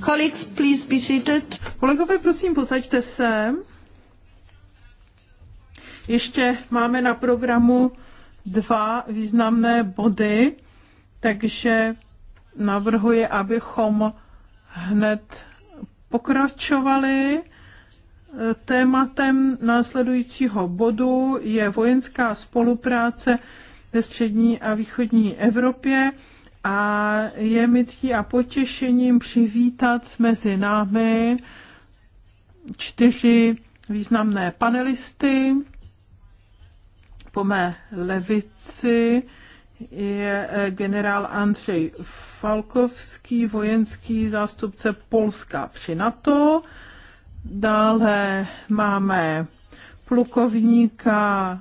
Colleagues, please be seated. Kolegové, prosím, posaďte se. Ještě máme na programu dva významné body, takže navrhuji, abychom hned pokračovali. Tématem následujícího bodu je vojenská spolupráce ve střední a východní Evropě a je mi ctí a potěšením přivítat mezi námi čtyři významné panelisty. Po mé levici je eh, generál Andřej Falkovský, vojenský zástupce Polska při NATO. Dále máme plukovníka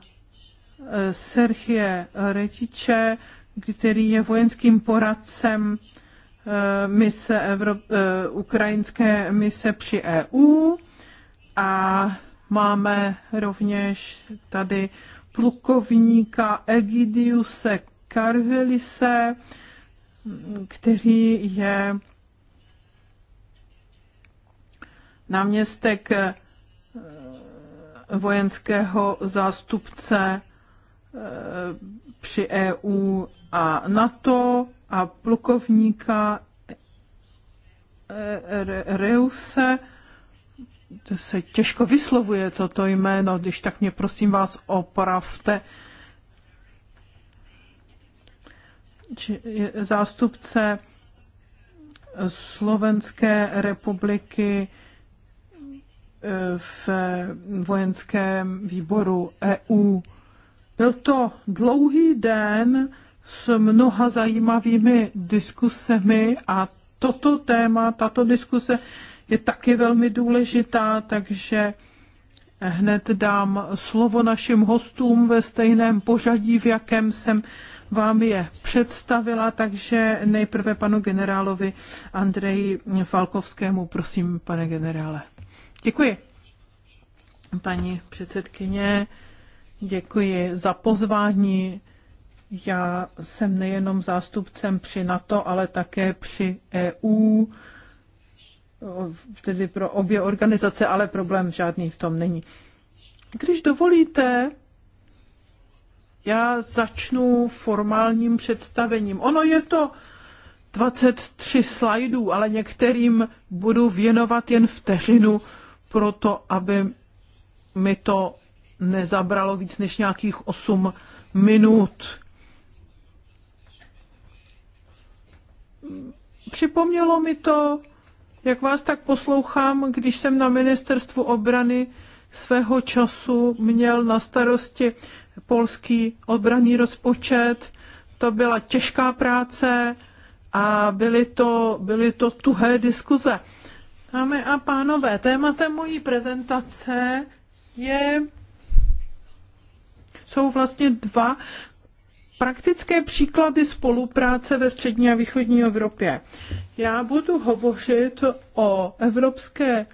eh, Sergie Retiče, který je vojenským poradcem eh, mise eh, ukrajinské mise při EU a máme rovněž tady plukovníka Egidiuse Karvelise, který je náměstek eh, vojenského zástupce při EU a NATO a plukovníka eh, eh, Reuse, to se těžko vyslovuje toto jméno, když tak mě prosím vás opravte, zástupce Slovenské republiky eh, v vojenském výboru EU. Byl to dlouhý den, s mnoha zajímavými diskusemi a toto téma, tato diskuse je taky velmi důležitá, takže hned dám slovo našim hostům ve stejném pořadí, v jakém jsem vám je představila, takže nejprve panu generálovi Andreji Falkovskému. Prosím, pane generále. Děkuji. Paní předsedkyně, děkuji za pozvání já jsem nejenom zástupcem při NATO, ale také při EU, tedy pro obě organizace, ale problém žádný v tom není. Když dovolíte, já začnu formálním představením. Ono je to 23 slajdů, ale některým budu věnovat jen vteřinu proto aby mi to nezabralo víc než nějakých 8 minut. připomnělo mi to, jak vás tak poslouchám, když jsem na ministerstvu obrany svého času měl na starosti polský obranný rozpočet. To byla těžká práce a byly to, byly to tuhé diskuze. Dámy a pánové, tématem mojí prezentace je, jsou vlastně dva praktické příklady spolupráce ve střední a východní Evropě. Já budu hovořit o evropské eh,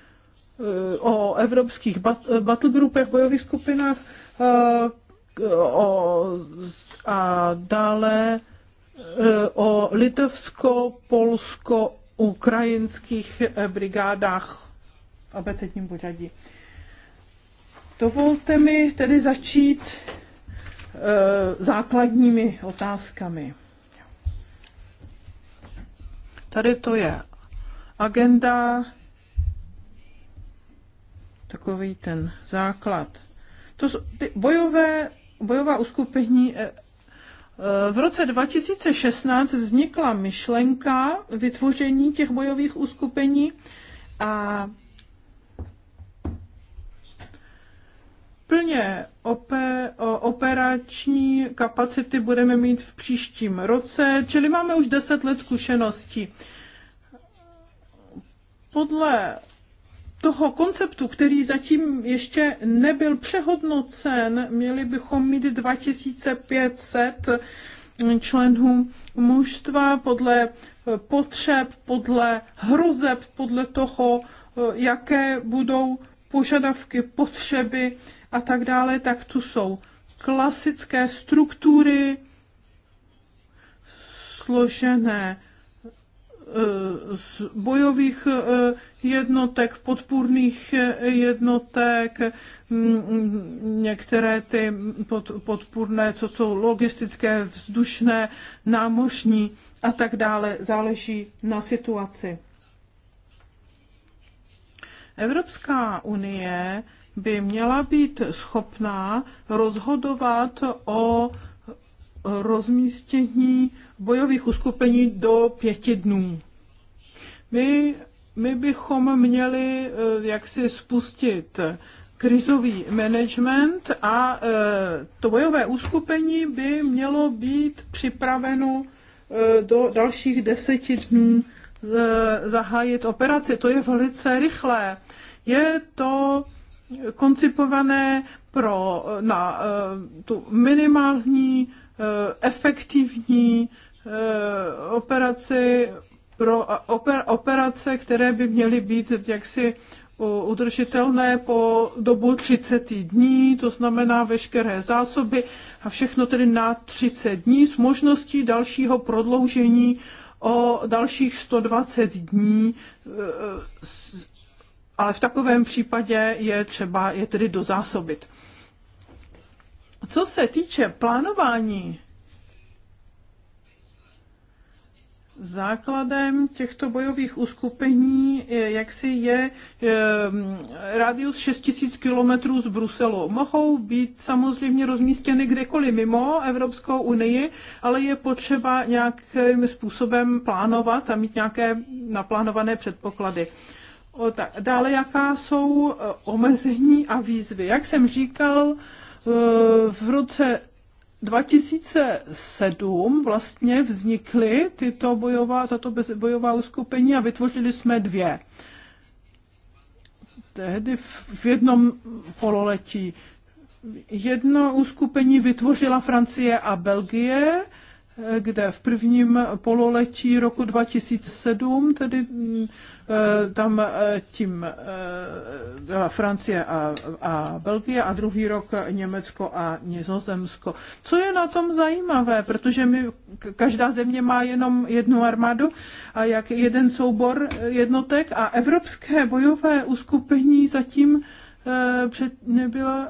o evropských battlegroupech, bojových skupinách eh, o, a dále eh, o litovsko-polsko-ukrajinských brigádách v abecedním pořadí. Dovolte mi tedy začít Eh, základními otázkami. Tady to je agenda, takový ten základ. To jsou ty bojové, bojová uskupení eh, eh, v roce 2016 vznikla myšlenka vytvoření těch bojových uskupení a Plně operační kapacity budeme mít v příštím roce, čili máme už 10 let zkušeností. Podle toho konceptu, který zatím ještě nebyl přehodnocen, měli bychom mít 2500 členů mužstva podle potřeb, podle hrozeb, podle toho, jaké budou požadavky, potřeby a tak dále, tak tu jsou klasické struktury složené e, z bojových e, jednotek, podpůrných e, jednotek, některé ty podpůrné, co jsou logistické, vzdušné, námořní a tak dále, záleží na situaci. Evropská unie by měla být schopná rozhodovat o rozmístění bojových uskupení do pěti dnů. My, my bychom měli eh, jaksi spustit krizový management a eh, to bojové uskupení by mělo být připraveno eh, do dalších deseti dnů zahájit operaci. To je velice rychlé. Je to koncipované pro, na eh, tu minimální eh, efektivní eh, operaci pro oper, operace, které by měly být jaksi udržitelné po dobu 30 dní, to znamená veškeré zásoby a všechno tedy na 30 dní s možností dalšího prodloužení o dalších 120 dní ale v takovém případě je třeba je tedy dozásobit. Co se týče plánování, základem těchto bojových uskupení jak si je rádius 6000 km z Bruselu. Mohou být samozřejmě rozmístěny kdekoliv mimo Evropskou unii, ale je potřeba nějakým způsobem plánovat a mít nějaké naplánované předpoklady. Dále, jaká jsou eh, omezení a výzvy. Jak jsem říkal, eh, v roce 2007 vlastně vznikly tyto bojová, tato bojová uskupení a vytvořili jsme dvě. Tehdy v jednom pololetí. Jedno uskupení vytvořila Francie a Belgie, kde v prvním pololetí roku 2007, tedy mm, e, tam e, tím byla e, Francie a, a Belgie a druhý rok Německo a Nizozemsko. Co je na tom zajímavé, protože my, každá země má jenom jednu armádu a jak jeden soubor jednotek a evropské bojové uskupení zatím před, nebyla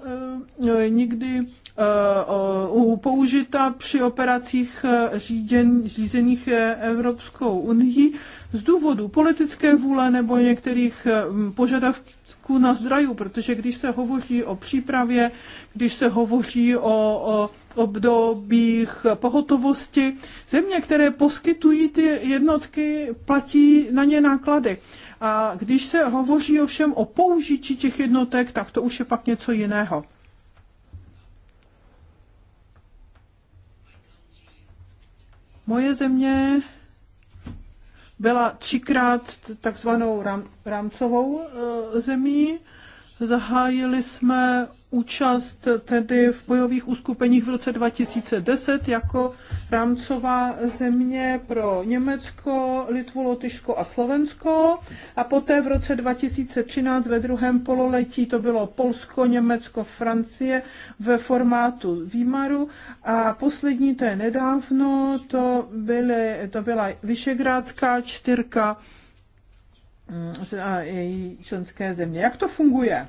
nikdy Eh, použita při operacích eh, řízen, řízených eh, Evropskou unii z důvodu politické vůle nebo některých požadavků na zdraju, protože když se hovoří o přípravě, když se hovoří o, o obdobích pohotovosti. Země, které poskytují ty jednotky, platí na ně náklady. A když se hovoří ovšem o použití těch jednotek, tak to už je pak něco jiného. Moje země byla třikrát takzvanou rámcovou eh, zemí. Zahájili jsme účast tedy v bojových uskupeních v roce 2010 jako rámcová země pro Německo, Litvu, Lotyšsko a Slovensko. A poté v roce 2013 ve druhém pololetí to bylo Polsko, Německo, Francie ve formátu Výmaru. A poslední, to je nedávno, to, byly, to byla Vyšegrádská čtyřka mm, a její členské země. Jak to funguje?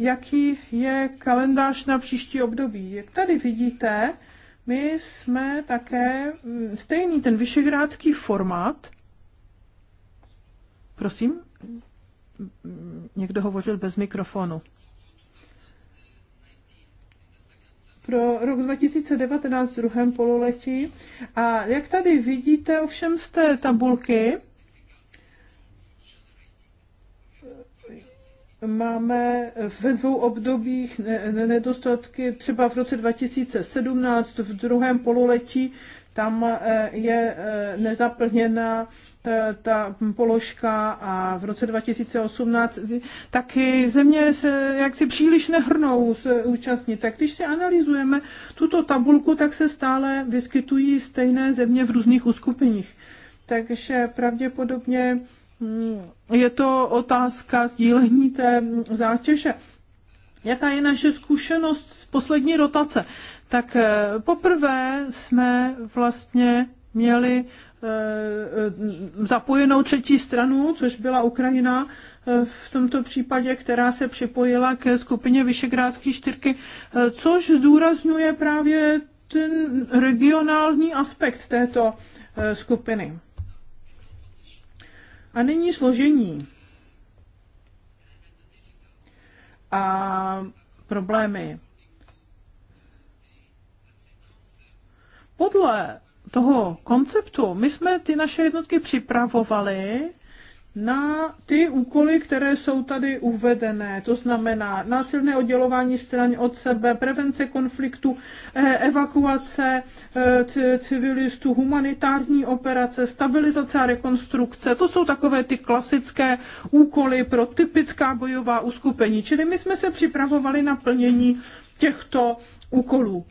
jaký je kalendář na příští období. Jak tady vidíte, my jsme také mm, stejný ten vyšegrádský formát. Prosím, někdo hovořil bez mikrofonu. pro rok 2019 v druhém pololetí. A jak tady vidíte, ovšem z té tabulky, máme ve dvou obdobích nedostatky, třeba v roce 2017, v druhém pololetí, tam eh, je eh, nezaplněna ta, ta položka a v roce 2018 taky země se jaksi příliš nehrnou se účastnit. Tak když si analyzujeme tuto tabulku, tak se stále vyskytují stejné země v různých uskupeních. Takže pravděpodobně je to otázka sdílení té zátěže. Jaká je naše zkušenost z poslední rotace? Tak eh, poprvé jsme vlastně měli eh, zapojenou třetí stranu, což byla Ukrajina eh, v tomto případě, která se připojila ke skupině Vyšegrádské čtyřky, což zdůrazňuje právě ten regionální aspekt této skupiny. A nyní složení a problémy. Podle toho konceptu my jsme ty naše jednotky připravovali na ty úkoly, které jsou tady uvedené, to znamená násilné oddělování stran od sebe, prevence konfliktu, e, evakuace e, civilistů, humanitární operace, stabilizace a rekonstrukce. To jsou takové ty klasické úkoly pro typická bojová uskupení. Čili my jsme se připravovali na plnění těchto úkolů.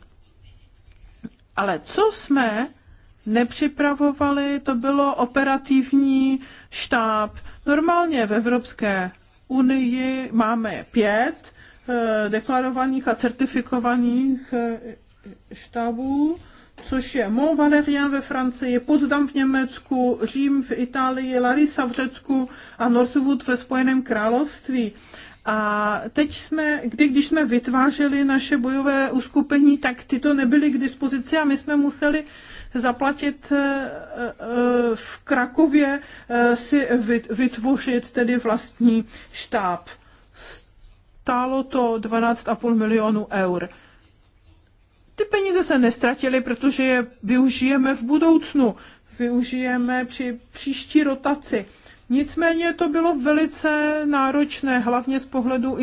Ale co jsme nepřipravovali, to bylo operativní štáb. Normálně v Evropské unii máme pět eh, deklarovaných a certifikovaných eh, štábů, což je Mont Valérien ve Francii, Potsdam v Německu, Řím v Itálii, Larisa v Řecku a Northwood ve Spojeném království. A teď jsme, kdy, když jsme vytvářeli naše bojové uskupení, tak tyto nebyly k dispozici a my jsme museli zaplatit eh, eh, v Krakově eh, si vytvořit tedy vlastní štáb. Stálo to 12,5 milionů eur. Ty peníze se nestratily, protože je využijeme v budoucnu, využijeme při příští rotaci. Nicméně to bylo velice náročné, hlavně z pohledu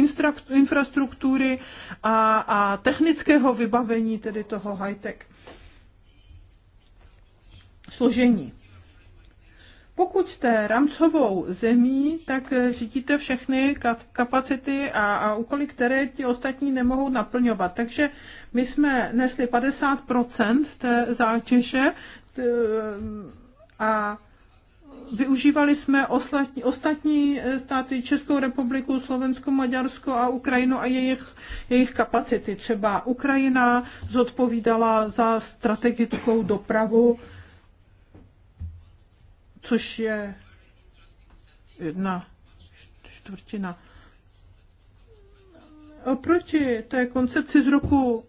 infrastruktury a, a technického vybavení, tedy toho high-tech složení. Pokud jste rámcovou zemí, tak řídíte všechny kapacity a, a úkoly, které ti ostatní nemohou naplňovat. Takže my jsme nesli 50 té zátěže a využívali jsme ostatní, ostatní eh, státy, Českou republiku, Slovensko, Maďarsko a Ukrajinu a jejich, jejich kapacity. Třeba Ukrajina zodpovídala za strategickou dopravu, což je jedna čtvrtina. Oproti té koncepci z roku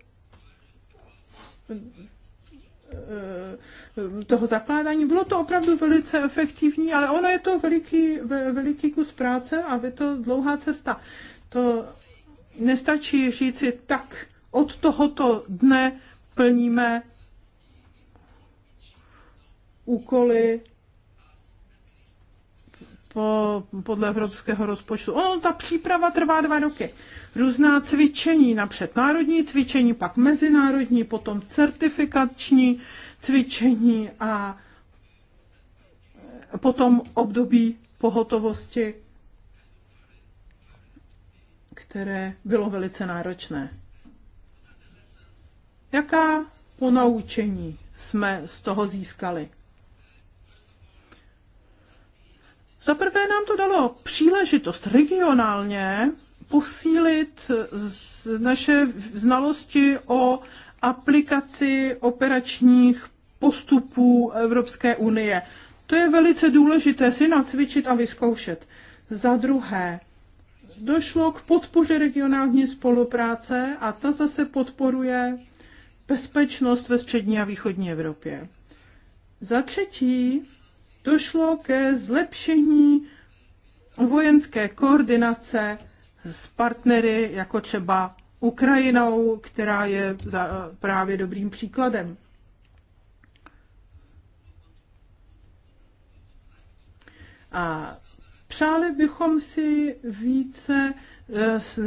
Eh, toho zakládání. Bylo to opravdu velice efektivní, ale ono je to veliký, veliký kus práce a je to dlouhá cesta. To nestačí říci tak, od tohoto dne plníme úkoly po, podle evropského rozpočtu. Ono, ta příprava trvá dva roky různá cvičení, napřed národní cvičení, pak mezinárodní, potom certifikační cvičení a potom období pohotovosti, které bylo velice náročné. Jaká ponaučení jsme z toho získali? Za prvé nám to dalo příležitost regionálně posílit naše znalosti o aplikaci operačních postupů Evropské unie. To je velice důležité si nacvičit a vyzkoušet. Za druhé, došlo k podpoře regionální spolupráce a ta zase podporuje bezpečnost ve střední a východní Evropě. Za třetí, došlo ke zlepšení vojenské koordinace s partnery, jako třeba Ukrajinou, která je za, právě dobrým příkladem. A přáli bychom si více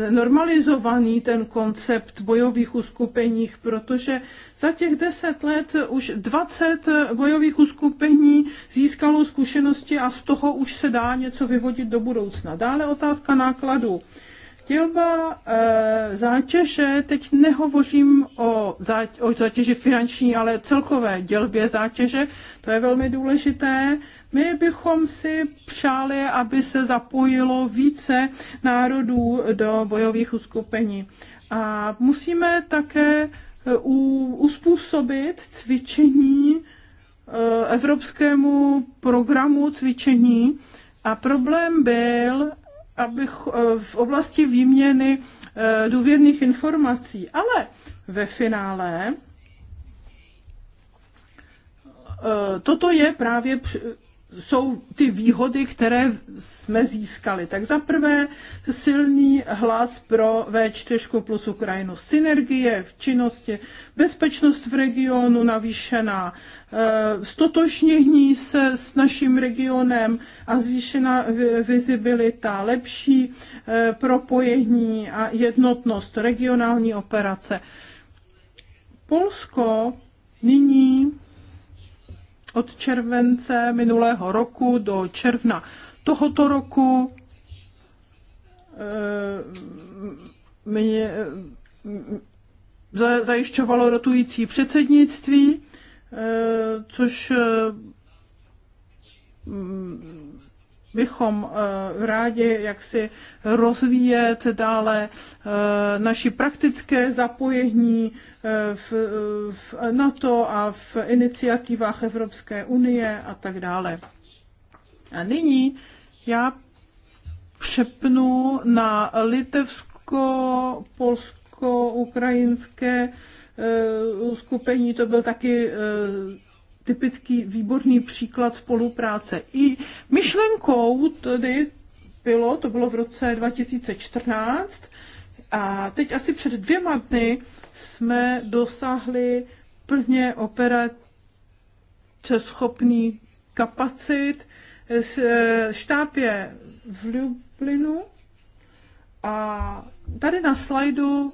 eh, normalizovaný ten koncept bojových uskupeních, protože za těch deset let už 20 bojových uskupení získalo zkušenosti a z toho už se dá něco vyvodit do budoucna. Dále otázka nákladů. Dělba e, eh, zátěže, teď nehovořím o, záť, o zátěži finanční, ale celkové dělbě zátěže, to je velmi důležité. My bychom si přáli, aby se zapojilo více národů do bojových uskupení. A musíme také eh, u, uspůsobit cvičení eh, evropskému programu cvičení. A problém byl, abych eh, v oblasti výměny eh, důvěrných informací. Ale ve finále eh, toto je právě jsou ty výhody, které jsme získali. Tak za prvé silný hlas pro V4 plus Ukrajinu. Synergie v činnosti, bezpečnost v regionu navýšená, eh, stotožnění se s naším regionem a zvýšená vizibilita, lepší eh, propojení a jednotnost regionální operace. Polsko nyní od července minulého roku do června tohoto roku eh, mě eh, zajišťovalo rotující předsednictví, eh, což bychom eh, rádi jak si rozvíjet dále eh, naši praktické zapojení eh, v, v NATO a v iniciativách Evropské unie a tak dále. A nyní já přepnu na litevsko-polsko-ukrajinské skupení. To byl taky typický výborný příklad spolupráce. I myšlenkou tedy bylo, to bylo v roce 2014, a teď asi před dvěma dny jsme dosáhli plně operace schopný kapacit. Štáb je v Lublinu a tady na slajdu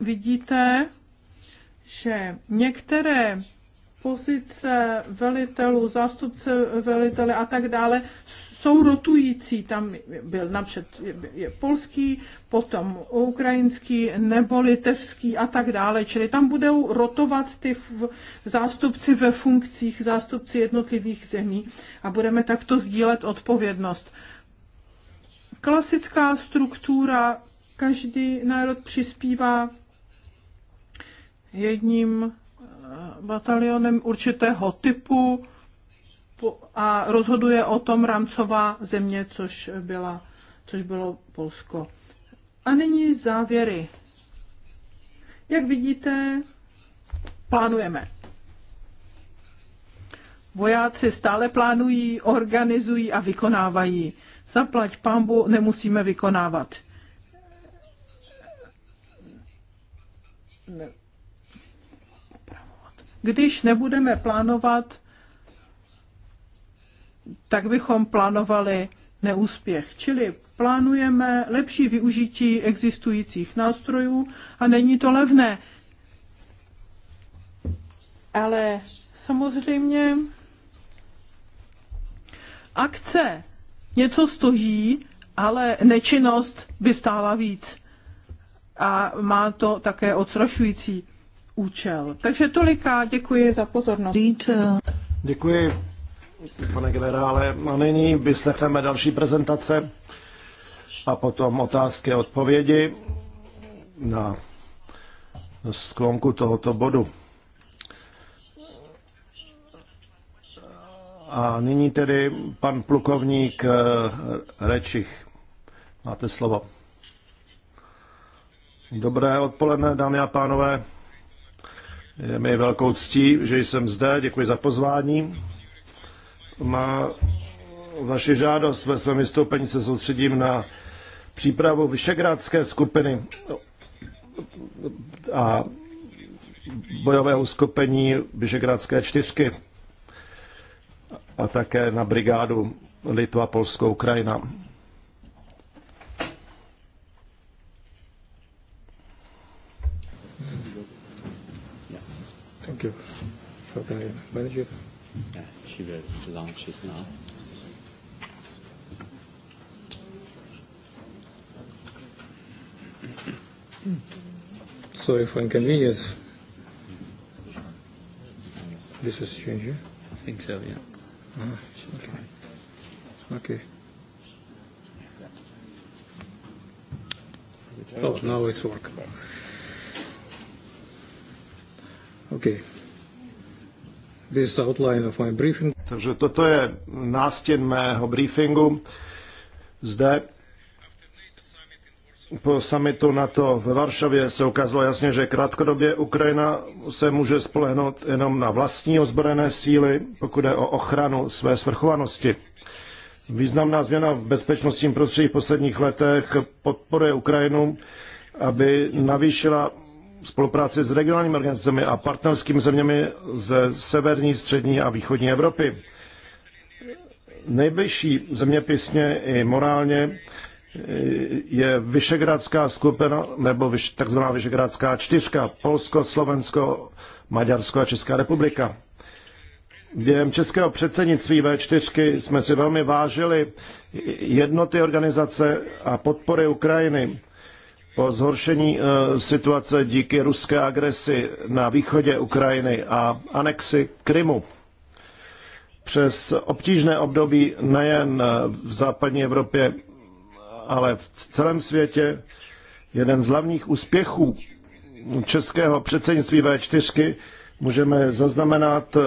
vidíte, že některé pozice velitelů, zástupce velitele a tak dále jsou rotující. Tam byl napřed je polský, potom ukrajinský nebo litevský a tak dále. Čili tam budou rotovat ty zástupci ve funkcích, zástupci jednotlivých zemí a budeme takto sdílet odpovědnost. Klasická struktura, každý národ přispívá jedním batalionem určitého typu a rozhoduje o tom rámcová země, což, byla, což bylo Polsko. A nyní závěry. Jak vidíte, plánujeme. Vojáci stále plánují, organizují a vykonávají. Zaplať pambu nemusíme vykonávat. Ne když nebudeme plánovat, tak bychom plánovali neúspěch. Čili plánujeme lepší využití existujících nástrojů a není to levné. Ale samozřejmě akce něco stojí, ale nečinnost by stála víc. A má to také odstrašující účel. Takže tolika, děkuji za pozornost. Děkuji, pane generále. A nyní vyslechneme další prezentace a potom otázky a odpovědi na sklonku tohoto bodu. A nyní tedy pan plukovník eh, Rečich. Máte slovo. Dobré odpoledne, dámy a pánové. Je mi velkou ctí, že jsem zde. Děkuji za pozvání. Na vaši žádost ve svém vystoupení se soustředím na přípravu Vyšegrádské skupiny a bojového skupení Vyšegrádské čtyřky a také na brigádu Litva, Polsko, Ukrajina. Thank you. How can I Yeah, she will launch it now. inconvenience, this is changing? I think so, yeah. Ah, okay. Okay. Oh, now it's working. Okay. This is outline of my briefing. Takže toto je nástěn mého briefingu. Zde po summitu NATO ve Varšavě se ukázalo jasně, že krátkodobě Ukrajina se může spolehnout jenom na vlastní ozbrojené síly, pokud je o ochranu své svrchovanosti. Významná změna v bezpečnostním prostředí v posledních letech podporuje Ukrajinu, aby navýšila spolupráci s regionálními organizacemi a partnerskými zeměmi ze severní, střední a východní Evropy. Nejbližší zeměpisně i morálně e, je Vyšegrádská skupina, nebo takzvaná Vyšegrádská čtyřka, Polsko, Slovensko, Maďarsko a Česká republika. Během českého předsednictví V4 jsme si velmi vážili jednoty organizace a podpory Ukrajiny po zhoršení eh, situace díky ruské agresi na východě Ukrajiny a anexi Krymu přes obtížné období nejen eh, v západní Evropě, ale v celém světě. Jeden z hlavních úspěchů českého předsednictví V4 můžeme zaznamenat eh,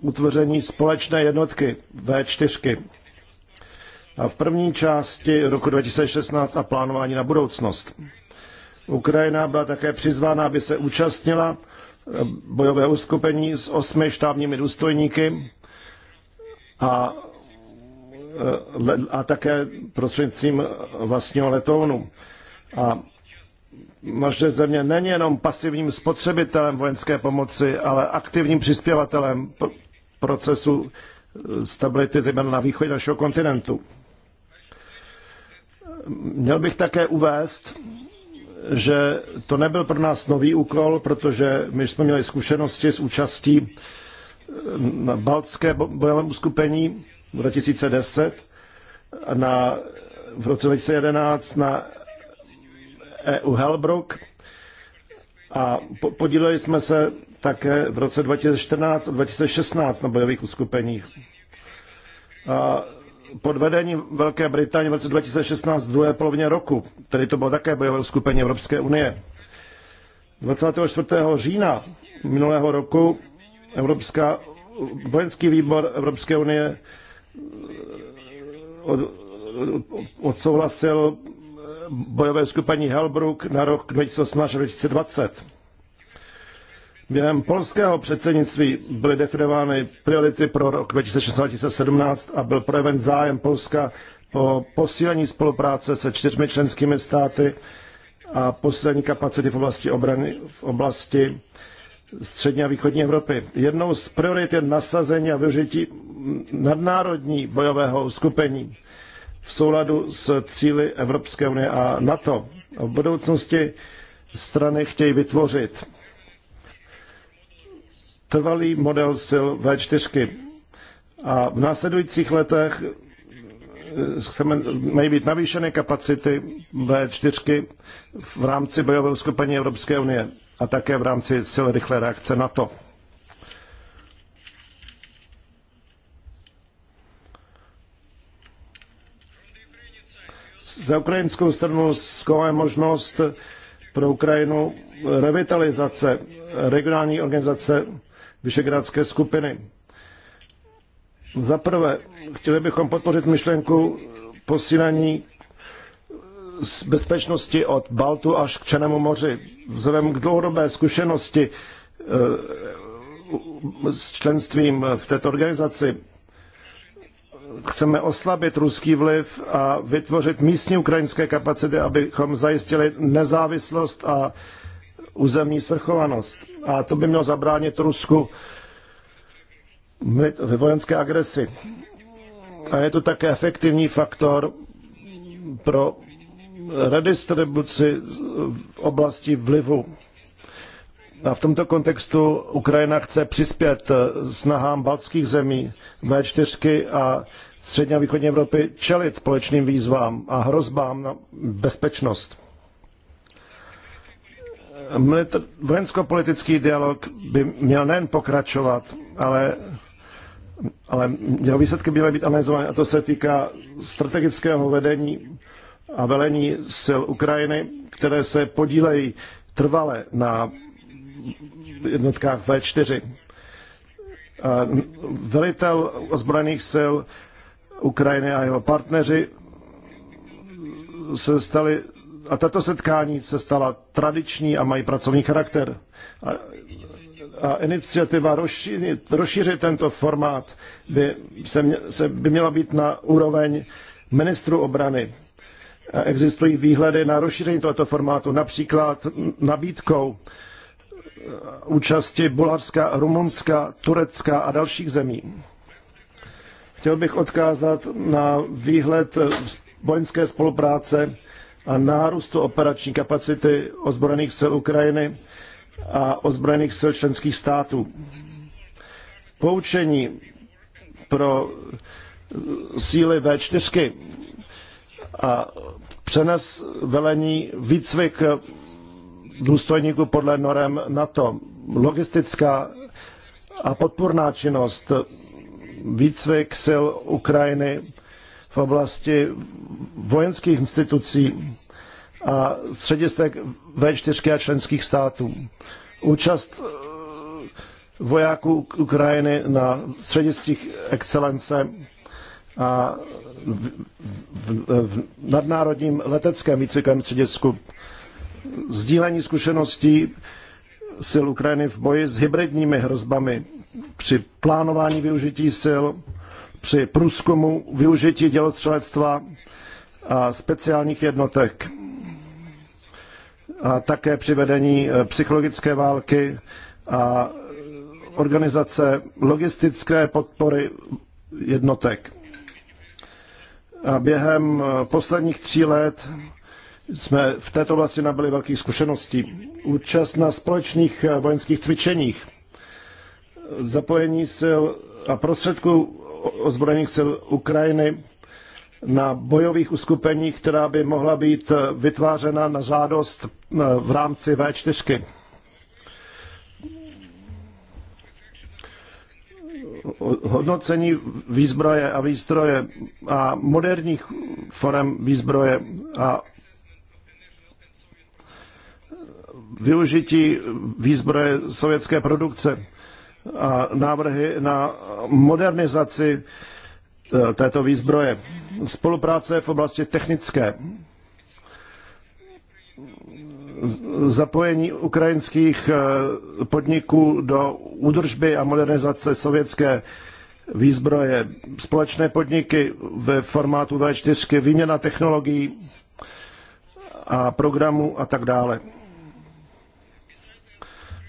utvoření společné jednotky V4 v první části roku 2016 a plánování na budoucnost. Ukrajina byla také přizvána, aby se účastnila eh, bojového uskupení s osmi štábními důstojníky a, eh, a také prostřednictvím vlastního letounu. A naše země není jenom pasivním spotřebitelem vojenské pomoci, ale aktivním přispěvatelem procesu eh, stability zejména na východě našeho kontinentu. Měl bych také uvést, že to nebyl pro nás nový úkol, protože my jsme měli zkušenosti s účastí na Baltské bojovém uskupení v 2010, na, v roce 2011 na EU Helbrook a podíleli jsme se také v roce 2014 a 2016 na bojových uskupeních. A pod vedením Velké Británie v roce 2016 v druhé polovině roku, tedy to bylo také bojové skupení Evropské unie. 24. října minulého roku Evropská, vojenský výbor Evropské unie eh, od, eh, odsouhlasil bojové skupení Helbruk na rok 2018 2020. Během polského předsednictví byly definovány priority pro rok 2016-2017 a byl projeven zájem Polska o posílení spolupráce se čtyřmi členskými státy a posílení kapacity v oblasti obrany v oblasti střední a východní Evropy. Jednou z priorit je nasazení a využití nadnárodní bojového uskupení v souladu s cíly Evropské unie a NATO. V budoucnosti strany chtějí vytvořit trvalý model sil V4. A v následujících letech eh, chceme, mají být navýšeny kapacity V4 v rámci bojového skupení Evropské unie a také v rámci sil rychlé reakce NATO. Za ukrajinskou stranu zkoumáme možnost pro Ukrajinu revitalizace regionální organizace Vyšegrádské skupiny. Za prvé, chtěli bychom podpořit myšlenku posílení bezpečnosti od Baltu až k Černému moři. Vzhledem k dlouhodobé zkušenosti eh, s členstvím v této organizaci chceme oslabit ruský vliv a vytvořit místní ukrajinské kapacity, abychom zajistili nezávislost a územní svrchovanost. A to by mělo zabránit Rusku ve vojenské agresi. A je to také efektivní faktor pro redistribuci v oblasti vlivu. A v tomto kontextu Ukrajina chce přispět snahám baltských zemí V4 a střední a východní Evropy čelit společným výzvám a hrozbám na bezpečnost vojensko-politický dialog by měl nejen pokračovat, ale, ale jeho výsledky by měly být analyzovány a to se týká strategického vedení a velení sil Ukrajiny, které se podílejí trvale na jednotkách V4. A velitel ozbrojených sil Ukrajiny a jeho partneři se stali a tato setkání se stala tradiční a mají pracovní charakter. A, a iniciativa rozšířit, rozšířit tento formát by, se, mě, se, by měla být na úroveň ministru obrany. A existují výhledy na rozšíření tohoto formátu, například nabídkou eh, účasti Bulharska, Rumunska, Turecka a dalších zemí. Chtěl bych odkázat na výhled vojenské spolupráce a nárůstu operační kapacity ozbrojených sil Ukrajiny a ozbrojených sil členských států. Poučení pro síly V4 a přenes velení výcvik důstojníků podle norem NATO, logistická a podporná činnost, výcvik sil Ukrajiny v oblasti vojenských institucí a středisek V4 a členských států. Účast eh, vojáků Ukrajiny na střediscích excelence a v, v, v nadnárodním leteckém výcvikovém středisku. Sdílení zkušeností sil Ukrajiny v boji s hybridními hrozbami při plánování využití sil při průzkumu využití dělostřelectva a speciálních jednotek a také při vedení eh, psychologické války a organizace logistické podpory jednotek. A během eh, posledních tří let jsme v této oblasti nabili velkých zkušeností. Účast na společných eh, vojenských cvičeních, zapojení sil a prostředků ozbrojených sil Ukrajiny na bojových uskupeních, která by mohla být vytvářena na žádost eh, v rámci V4. Hodnocení výzbroje a výstroje a moderních forem výzbroje a využití výzbroje sovětské produkce a návrhy na modernizaci e, této výzbroje. Spolupráce v oblasti technické. Zapojení ukrajinských e, podniků do údržby a modernizace sovětské výzbroje. Společné podniky ve formátu V4, výměna technologií a programů a tak dále.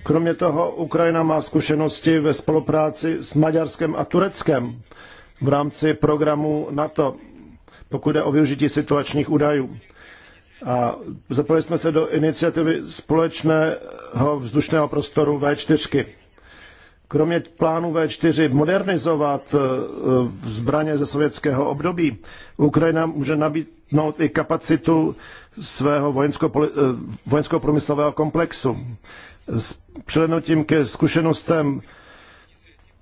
Kromě toho Ukrajina má zkušenosti ve spolupráci s Maďarskem a Tureckem v rámci programu NATO, pokud jde o využití situačních údajů. A zapojili jsme se do iniciativy společného vzdušného prostoru V4. Kromě plánu V4 modernizovat eh, zbraně ze sovětského období, Ukrajina může nabídnout i kapacitu svého eh, vojensko-průmyslového komplexu s přelenutím ke zkušenostem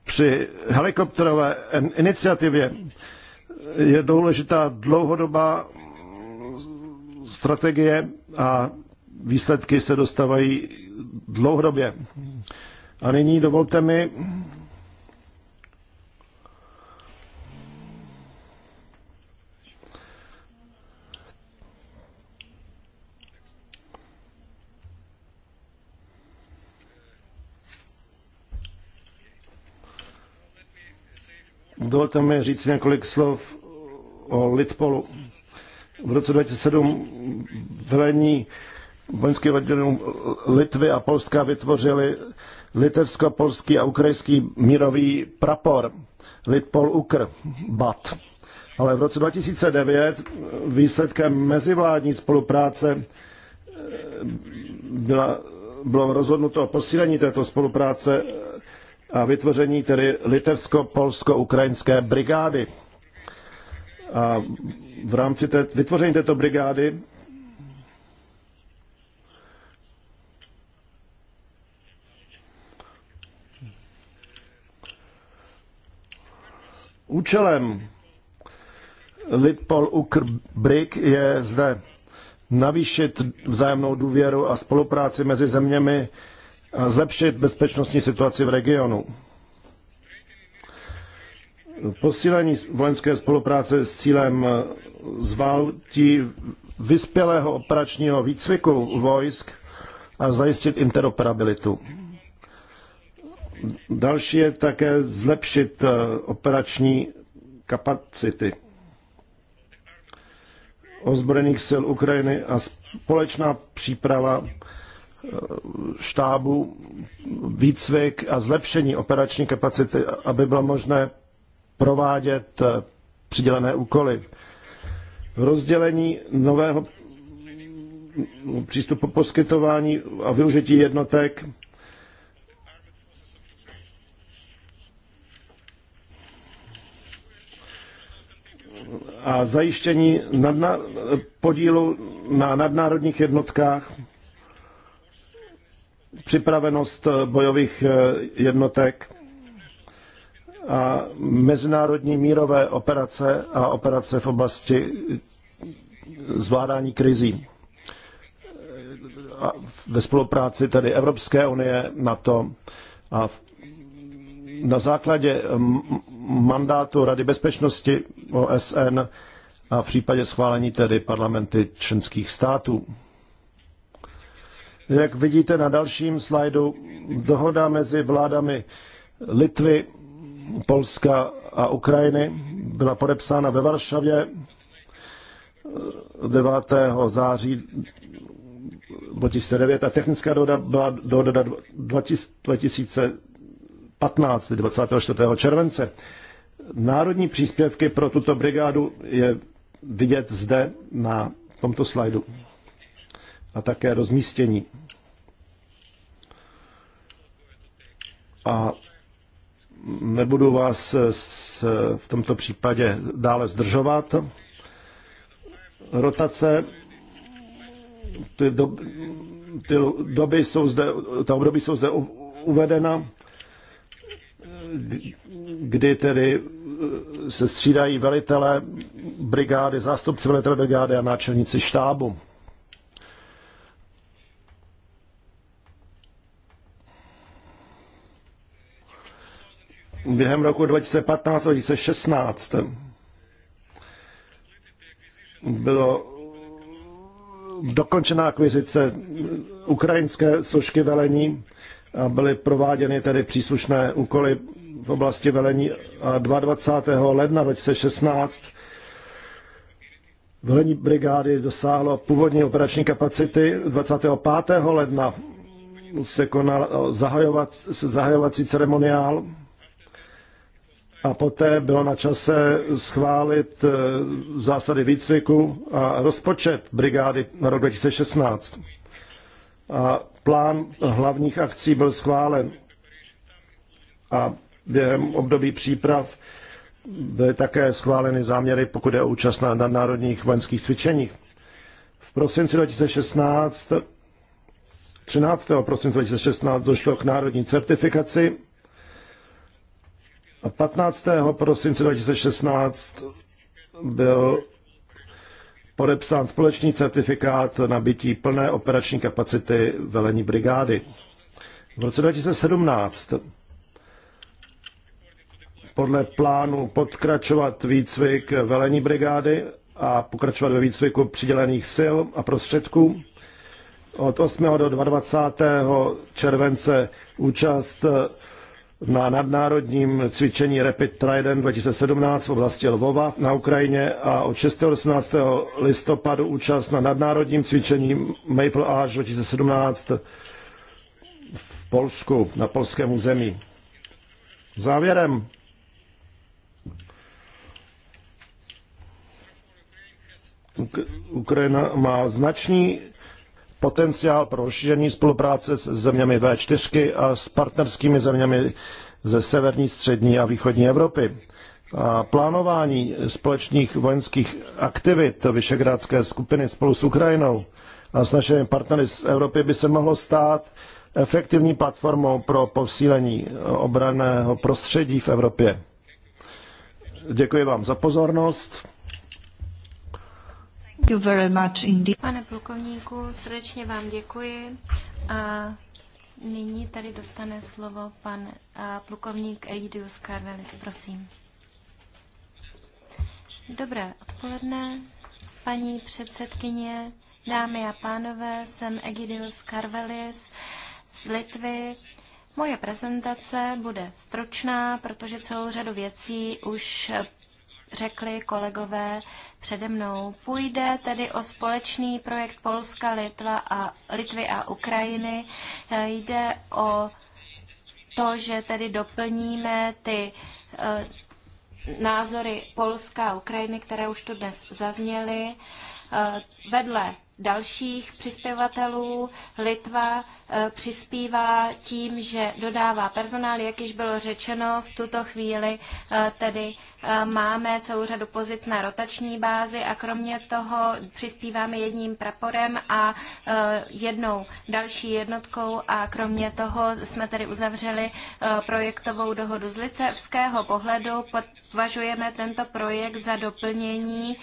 při helikopterové iniciativě je důležitá dlouhodobá strategie a výsledky se dostávají dlouhodobě. A nyní dovolte mi Dovolte mi říct několik slov o Litpolu. V roce 2007 velení vojenského oddělení Litvy a Polska vytvořili litevsko-polský a ukrajinský mírový prapor Litpol Ukr BAT. Ale v roce 2009 výsledkem mezivládní spolupráce eh, byla, bylo rozhodnuto o posílení této spolupráce a vytvoření tedy litevsko-polsko-ukrajinské brigády. A v rámci té, vytvoření této brigády Účelem Litpol Ukr je zde navýšit vzájemnou důvěru a spolupráci mezi zeměmi a zlepšit bezpečnostní situaci v regionu. Posílení vojenské spolupráce s cílem zváltí vyspělého operačního výcviku vojsk a zajistit interoperabilitu. Další je také zlepšit eh, operační kapacity ozbrojených sil Ukrajiny a společná příprava štábu výcvik a zlepšení operační kapacity, aby bylo možné provádět eh, přidělené úkoly. Rozdělení nového přístupu poskytování a využití jednotek a zajištění podílu na nadnárodních jednotkách připravenost eh, bojových eh, jednotek a mezinárodní mírové operace a operace v oblasti eh, zvládání krizí. A ve spolupráci tedy Evropské unie, NATO a na základě mandátu Rady bezpečnosti OSN a v případě schválení tedy parlamenty členských států. Jak vidíte na dalším slajdu, dohoda mezi vládami Litvy, Polska a Ukrajiny byla podepsána ve Varšavě 9. září 2009 a technická dohoda byla dohoda 2015, 24. července. Národní příspěvky pro tuto brigádu je vidět zde na tomto slajdu a také rozmístění. A nebudu vás s, v tomto případě dále zdržovat. Rotace, ty, do, ty doby jsou zde, ta období jsou zde uvedena, kdy tedy eh, se střídají velitele brigády, zástupci velitele brigády a náčelníci štábu. během roku 2015 2016 bylo dokončená akvizice ukrajinské složky velení a byly prováděny tedy příslušné úkoly v oblasti velení a 22. ledna 2016 velení brigády dosáhlo původní operační kapacity. 25. ledna se konal zahajovací, zahajovací ceremoniál a poté bylo na čase schválit eh, zásady výcviku a rozpočet brigády na rok 2016. A plán hlavních akcí byl schválen. A během období příprav byly také schváleny záměry, pokud je o účast na nadnárodních vojenských cvičeních. V prosinci 2016, 13. prosince 2016 došlo k národní certifikaci 15. prosince 2016 byl podepsán společný certifikát nabití plné operační kapacity velení brigády. V roce 2017 podle plánu podkračovat výcvik velení brigády a pokračovat ve výcviku přidělených sil a prostředků. Od 8. do 22. července účast na nadnárodním cvičení Rapid Trident 2017 v oblasti Lvova na Ukrajině a od 6. 18. listopadu účast na nadnárodním cvičení Maple Arch 2017 v Polsku, na polském území. Závěrem Ukrajina má značný potenciál pro rozšíření spolupráce s zeměmi V4 a s partnerskými zeměmi ze severní, střední a východní Evropy. A plánování společných vojenských aktivit Vyšegrádské skupiny spolu s Ukrajinou a s našimi partnery z Evropy by se mohlo stát efektivní platformou pro posílení obraného prostředí v Evropě. Děkuji vám za pozornost Pane plukovníku, srdečně vám děkuji a nyní tady dostane slovo pan plukovník Eidius Karvelis, prosím. Dobré odpoledne, paní předsedkyně, dámy a pánové, jsem Egidius Karvelis z Litvy. Moje prezentace bude stručná, protože celou řadu věcí už řekli kolegové přede mnou. Půjde tedy o společný projekt Polska, Litva a, Litvy a Ukrajiny. Eh, jde o to, že tedy doplníme ty eh, názory Polska a Ukrajiny, které už tu dnes zazněly, eh, vedle dalších přispěvatelů. Litva eh, přispívá tím, že dodává personál, jak již bylo řečeno, v tuto chvíli eh, tedy eh, máme celou řadu pozic na rotační bázi a kromě toho přispíváme jedním praporem a jednou další jednotkou a kromě toho jsme tedy uzavřeli projektovou dohodu z litevského pohledu. Považujeme tento projekt za doplnění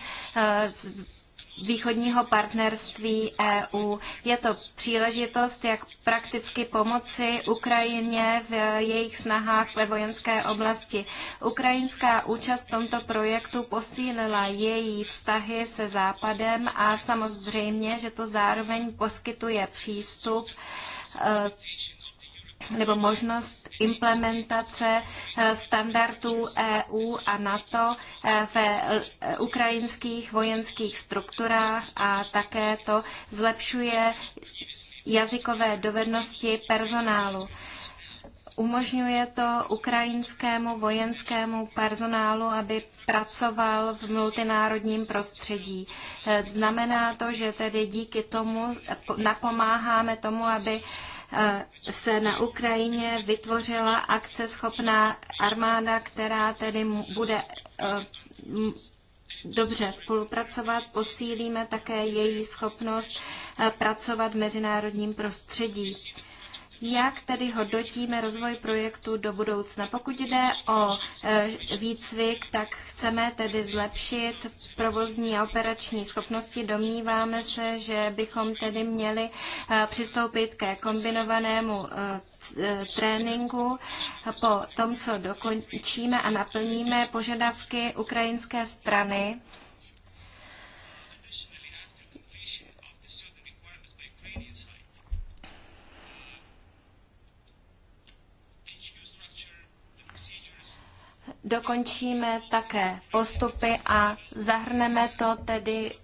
východního partnerství EU. Je to příležitost, jak prakticky pomoci Ukrajině v jejich snahách ve vojenské oblasti. Ukrajinská účast v tomto projektu posílila její vztahy se Západem a samozřejmě, že to zároveň poskytuje přístup eh, nebo možnost implementace eh, standardů EU a NATO eh, ve eh, ukrajinských vojenských strukturách a také to zlepšuje jazykové dovednosti personálu. Umožňuje to ukrajinskému vojenskému personálu, aby pracoval v multinárodním prostředí. Znamená to, že tedy díky tomu napomáháme tomu, aby Eh, se na Ukrajině vytvořila akce schopná armáda, která tedy bude eh, dobře spolupracovat, posílíme také její schopnost eh, pracovat v mezinárodním prostředí. Jak tedy hodnotíme rozvoj projektu do budoucna? Pokud jde o e, výcvik, tak chceme tedy zlepšit provozní a operační schopnosti. Domníváme se, že bychom tedy měli e, přistoupit ke kombinovanému e, tréninku po tom, co dokončíme a naplníme požadavky ukrajinské strany dokončíme také postupy a zahrneme to tedy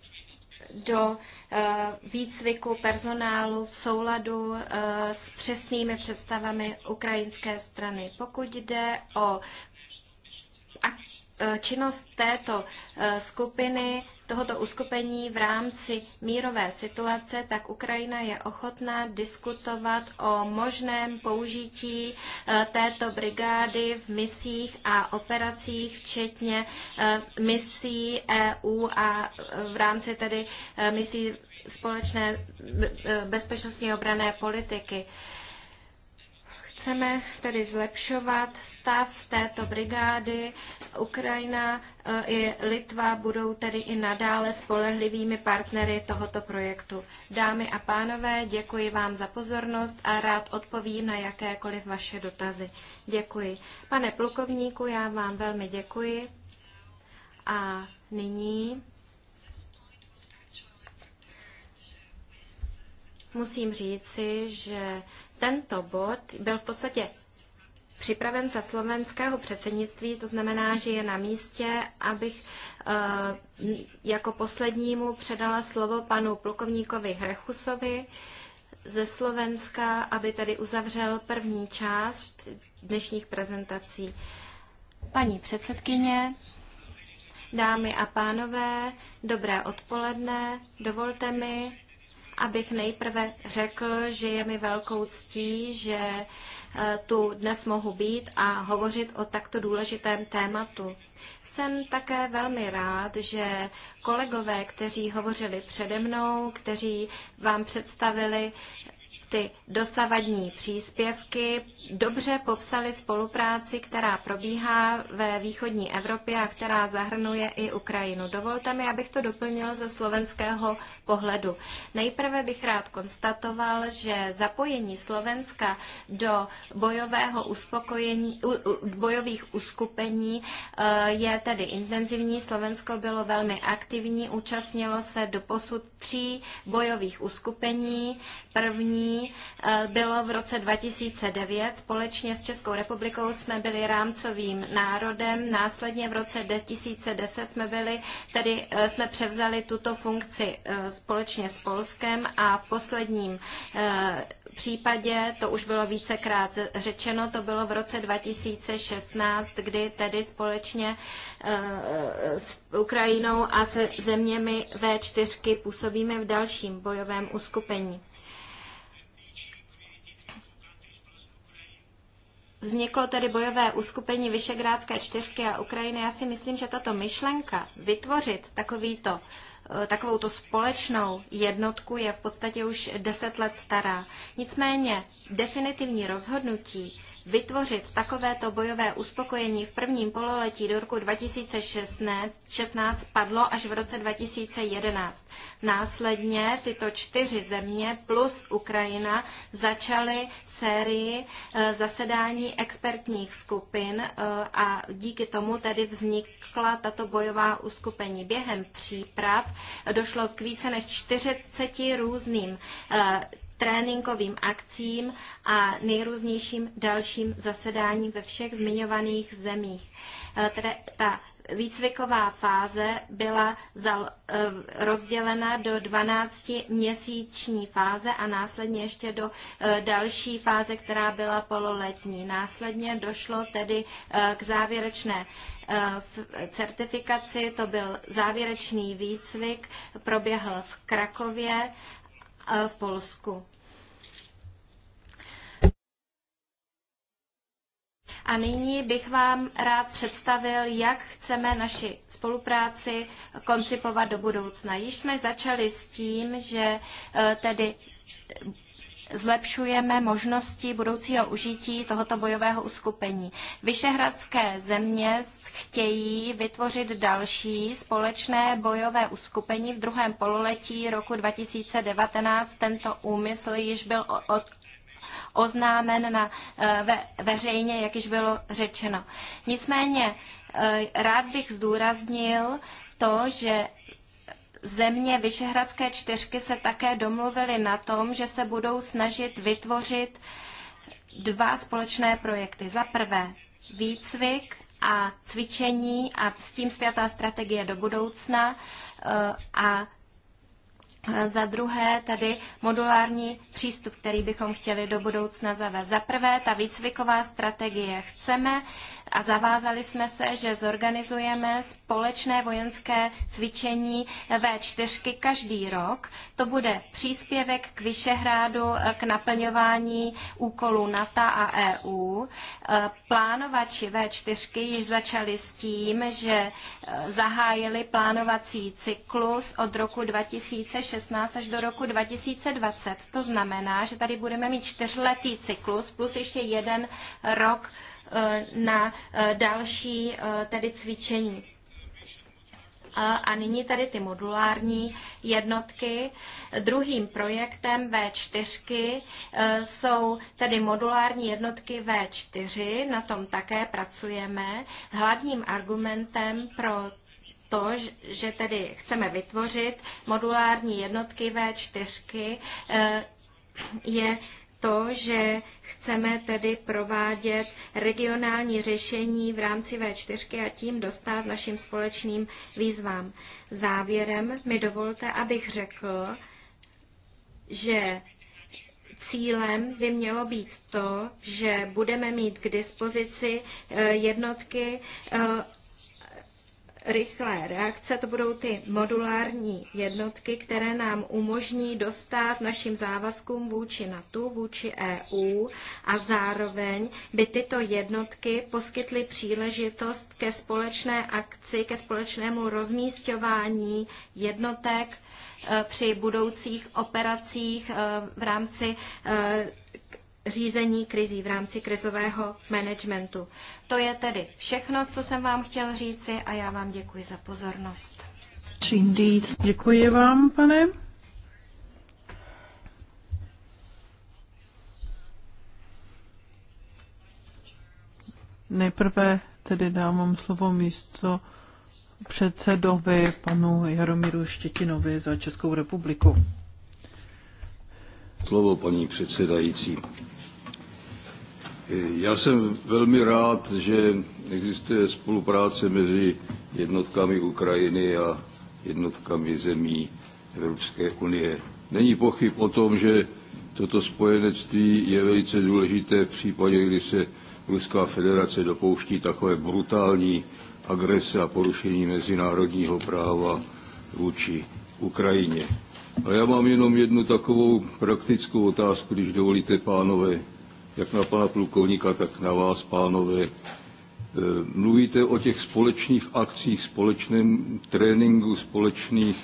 do eh, výcviku personálu v souladu eh, s přesnými představami ukrajinské strany. Pokud jde o Eh, činnost této eh, skupiny, tohoto uskupení v rámci mírové situace, tak Ukrajina je ochotná diskutovat o možném použití eh, této brigády v misích a operacích, včetně misí EU a v rámci tedy misí společné bezpečnostní obrané politiky. Chceme tedy zlepšovat stav této brigády. Ukrajina eh, i Litva budou tedy i nadále spolehlivými partnery tohoto projektu. Dámy a pánové, děkuji vám za pozornost a rád odpovím na jakékoliv vaše dotazy. Děkuji. Pane plukovníku, já vám velmi děkuji. A nyní musím říci, že tento bod byl v podstatě připraven ze slovenského předsednictví, to znamená, že je na místě, abych eh, jako poslednímu předala slovo panu plukovníkovi Hrechusovi ze Slovenska, aby tedy uzavřel první část dnešních prezentací. Paní předsedkyně, dámy a pánové, dobré odpoledne, dovolte mi, abych nejprve řekl, že je mi velkou ctí, že eh, tu dnes mohu být a hovořit o takto důležitém tématu. Jsem také velmi rád, že kolegové, kteří hovořili přede mnou, kteří vám představili ty dosavadní příspěvky dobře popsaly spolupráci, která probíhá ve východní Evropě a která zahrnuje i Ukrajinu. Dovolte mi, abych to doplnil ze slovenského pohledu. Nejprve bych rád konstatoval, že zapojení Slovenska do bojového uspokojení, bojových uskupení eh, je tedy intenzivní. Slovensko bylo velmi aktivní, účastnilo se do posud tří bojových uskupení. První Eh, bylo v roce 2009. Společně s Českou republikou jsme byli rámcovým národem. Následně v roce 2010 jsme, byli, tedy, eh, jsme převzali tuto funkci eh, společně s Polskem a v posledním případě, to už bylo vícekrát řečeno, to bylo v roce 2016, kdy tedy společně s Ukrajinou a se zeměmi V4 působíme v dalším bojovém uskupení. Vzniklo tedy bojové uskupení Vyšegrádské čtyřky a Ukrajiny. Já si myslím, že tato myšlenka vytvořit takovýto eh, takovou to společnou jednotku je v podstatě už deset let stará. Nicméně definitivní rozhodnutí vytvořit takovéto bojové uspokojení v prvním pololetí do roku 2016 padlo až v roce 2011. Následně tyto čtyři země plus Ukrajina začaly sérii eh, zasedání expertních skupin eh, a díky tomu tedy vznikla tato bojová uskupení. Během příprav došlo k více než 40 různým eh, tréninkovým akcím a nejrůznějším dalším zasedáním ve všech zmiňovaných zemích. E, tedy ta výcviková fáze byla e, rozdělena do 12-měsíční fáze a následně ještě do e, další fáze, která byla pololetní. Následně došlo tedy k závěrečné v certifikaci, to byl závěrečný výcvik, proběhl v Krakově v Polsku. A nyní bych vám rád představil, jak chceme naši spolupráci koncipovat do budoucna. Již jsme začali s tím, že eh, tedy zlepšujeme možnosti budoucího užití tohoto bojového uskupení. Vyšehradské země chtějí vytvořit další společné bojové uskupení v druhém pololetí roku 2019. Tento úmysl již byl od, oznámen na, eh, ve, veřejně, jak již bylo řečeno. Nicméně eh, rád bych zdůraznil to, že země Vyšehradské čtyřky se také domluvily na tom, že se budou snažit vytvořit dva společné projekty. Za prvé výcvik a cvičení a s tím zpětá strategie do budoucna eh, a eh, za druhé tady modulární přístup, který bychom chtěli do budoucna zavést. Za prvé ta výcviková strategie. Chceme a zavázali jsme se, že zorganizujeme společné vojenské cvičení V4 každý rok. To bude příspěvek k Vyšehrádu k naplňování úkolů NATO a EU. E, plánovači V4 již začali s tím, že e, zahájili plánovací cyklus od roku 2016 až do roku 2020. To znamená, že tady budeme mít čtyřletý cyklus plus ještě jeden rok Eh, na eh, další eh, tedy cvičení. A nyní tady ty modulární jednotky. Druhým projektem V4 jsou tedy modulární jednotky V4, na tom také pracujeme. Hlavním argumentem pro to, že tedy chceme vytvořit modulární jednotky V4, je to, že chceme tedy provádět regionální řešení v rámci V4 a tím dostat našim společným výzvám. Závěrem mi dovolte, abych řekl, že cílem by mělo být to, že budeme mít k dispozici eh, jednotky eh, rychlé reakce. To budou ty modulární jednotky, které nám umožní dostat našim závazkům vůči NATO, vůči EU a zároveň by tyto jednotky poskytly příležitost ke společné akci, ke společnému rozmístěvání jednotek eh, při budoucích operacích eh, v rámci eh, řízení krizí v rámci krizového managementu. To je tedy všechno, co jsem vám chtěl říci a já vám děkuji za pozornost. Děkuji vám, pane. Nejprve tedy dávám slovo místo předsedovi panu Jaromíru Štětinovi za Českou republiku. Slovo paní předsedající. Já jsem velmi rád, že existuje spolupráce mezi jednotkami Ukrajiny a jednotkami zemí Evropské unie. Není pochyb o tom, že toto spojenectví je velice důležité v případě, kdy se Ruská federace dopouští takové brutální agrese a porušení mezinárodního práva vůči Ukrajině. A já mám jenom jednu takovou praktickou otázku, když dovolíte, pánové jak na pana plukovníka, tak na vás, pánové. E, mluvíte o těch společných akcích, společném tréninku, společných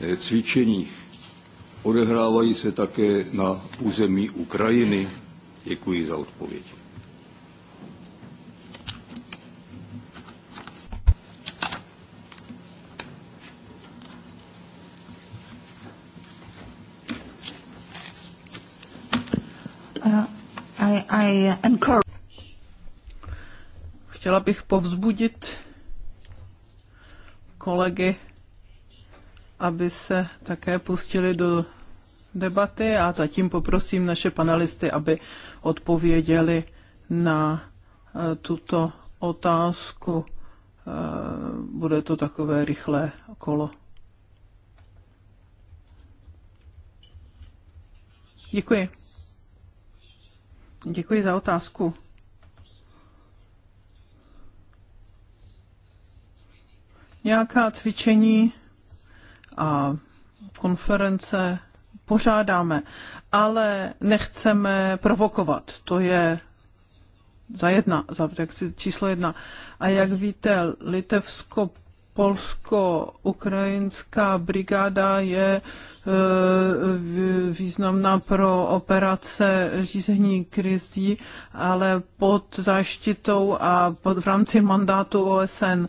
e, cvičeních. Odehrávají se také na území Ukrajiny? Děkuji za odpověď. Chtěla bych povzbudit kolegy, aby se také pustili do debaty a zatím poprosím naše panelisty, aby odpověděli na eh, tuto otázku. Eh, bude to takové rychlé kolo. Děkuji. Děkuji za otázku. Nějaká cvičení a konference pořádáme, ale nechceme provokovat. To je za jedna, za, jak si, číslo jedna. A jak víte, Litevsko polsko-ukrajinská brigáda je e, významná pro operace řízení krizí, ale pod záštitou a pod, v rámci mandátu OSN.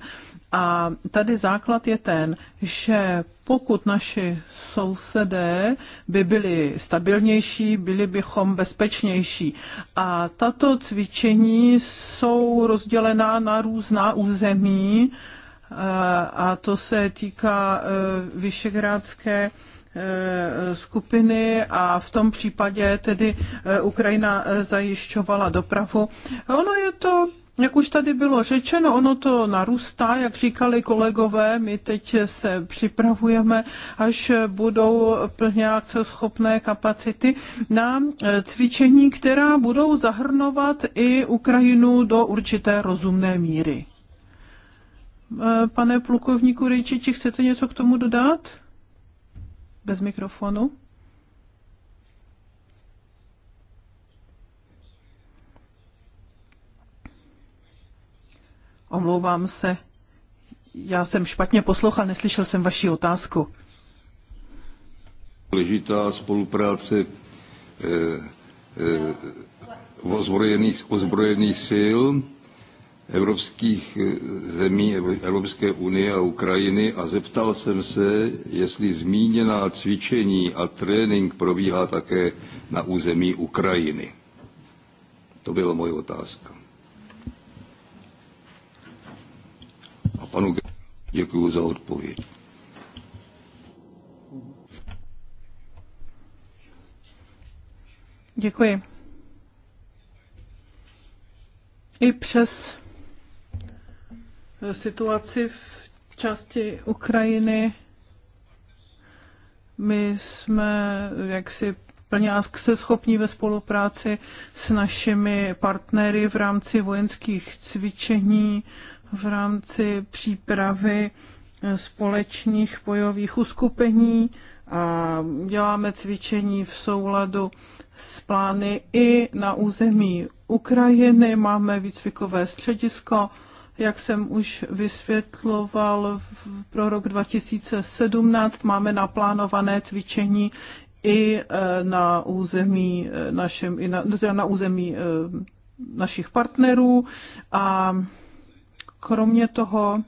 A tady základ je ten, že pokud naši sousedé by byli stabilnější, byli bychom bezpečnější. A tato cvičení jsou rozdělená na různá území, a to se týká e, Vyšegrádské e, skupiny a v tom případě tedy e, Ukrajina zajišťovala dopravu. Ono je to jak už tady bylo řečeno, ono to narůstá, jak říkali kolegové, my teď se připravujeme, až budou plně akceschopné kapacity na cvičení, která budou zahrnovat i Ukrajinu do určité rozumné míry. Eh, pane plukovníku Rejčiči, chcete něco k tomu dodat? Bez mikrofonu. Omlouvám se. Já jsem špatně poslouchal, neslyšel jsem vaši otázku. Důležitá spolupráce eh, eh, ozbrojených, ozbrojených sil evropských eh, zemí Evropské unie a Ukrajiny a zeptal jsem se, jestli zmíněná cvičení a trénink probíhá také na území Ukrajiny. To byla moje otázka. A panu děkuji za odpověď. Děkuji. I přes situaci v části Ukrajiny. My jsme jaksi plně schopní ve spolupráci s našimi partnery v rámci vojenských cvičení, v rámci přípravy společných bojových uskupení a děláme cvičení v souladu s plány i na území Ukrajiny. Máme výcvikové středisko, jak jsem už vysvětloval, pro rok 2017 máme naplánované cvičení i e, na území e, našem, i na, na území e, našich partnerů a kromě toho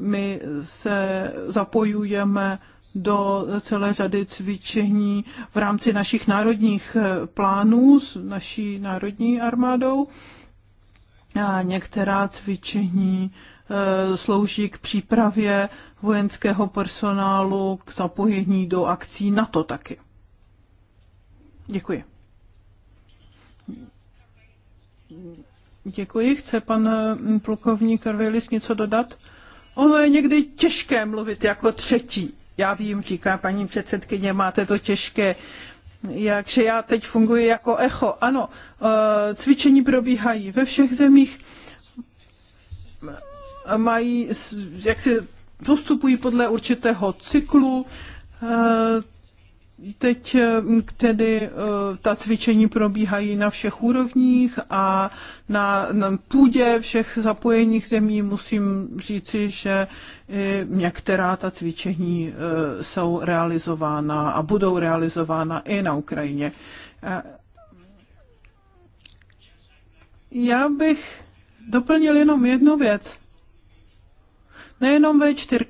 my se zapojujeme do celé řady cvičení v rámci našich národních plánů s naší národní armádou a některá cvičení e, slouží k přípravě vojenského personálu k zapojení do akcí NATO taky. Děkuji. Děkuji. Chce pan mm, plukovník Karvelis něco dodat? Ono je někdy těžké mluvit jako třetí. Já vím, říká paní předsedkyně, máte to těžké jakže já teď funguji jako echo. Ano, eh, cvičení probíhají ve všech zemích, mají, jak si postupují podle určitého cyklu, eh, Teď eh, tedy eh, ta cvičení probíhají na všech úrovních a na, na půdě všech zapojených zemí musím říci, že některá ta cvičení eh, jsou realizována a budou realizována i na Ukrajině. Já bych doplnil jenom jednu věc. Nejenom V4,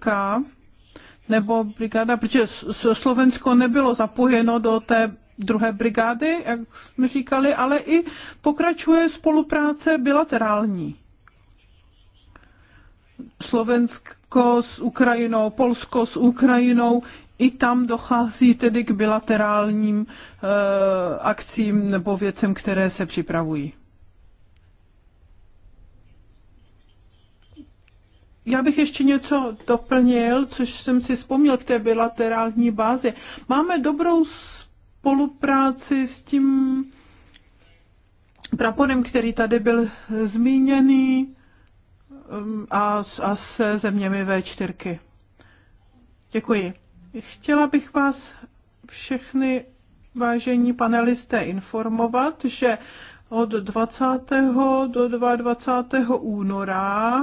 nebo brigáda, protože Slovensko nebylo zapojeno do té druhé brigády, jak jsme říkali, ale i pokračuje spolupráce bilaterální. Slovensko s Ukrajinou, Polsko s Ukrajinou, i tam dochází tedy k bilaterálním e, akcím nebo věcem, které se připravují. Já bych ještě něco doplnil, což jsem si vzpomněl k té bilaterální bázi. Máme dobrou spolupráci s tím praporem, který tady byl zmíněný, um, a, a se zeměmi V4. Děkuji. Chtěla bych vás všechny, vážení panelisté, informovat, že od 20. do 22. února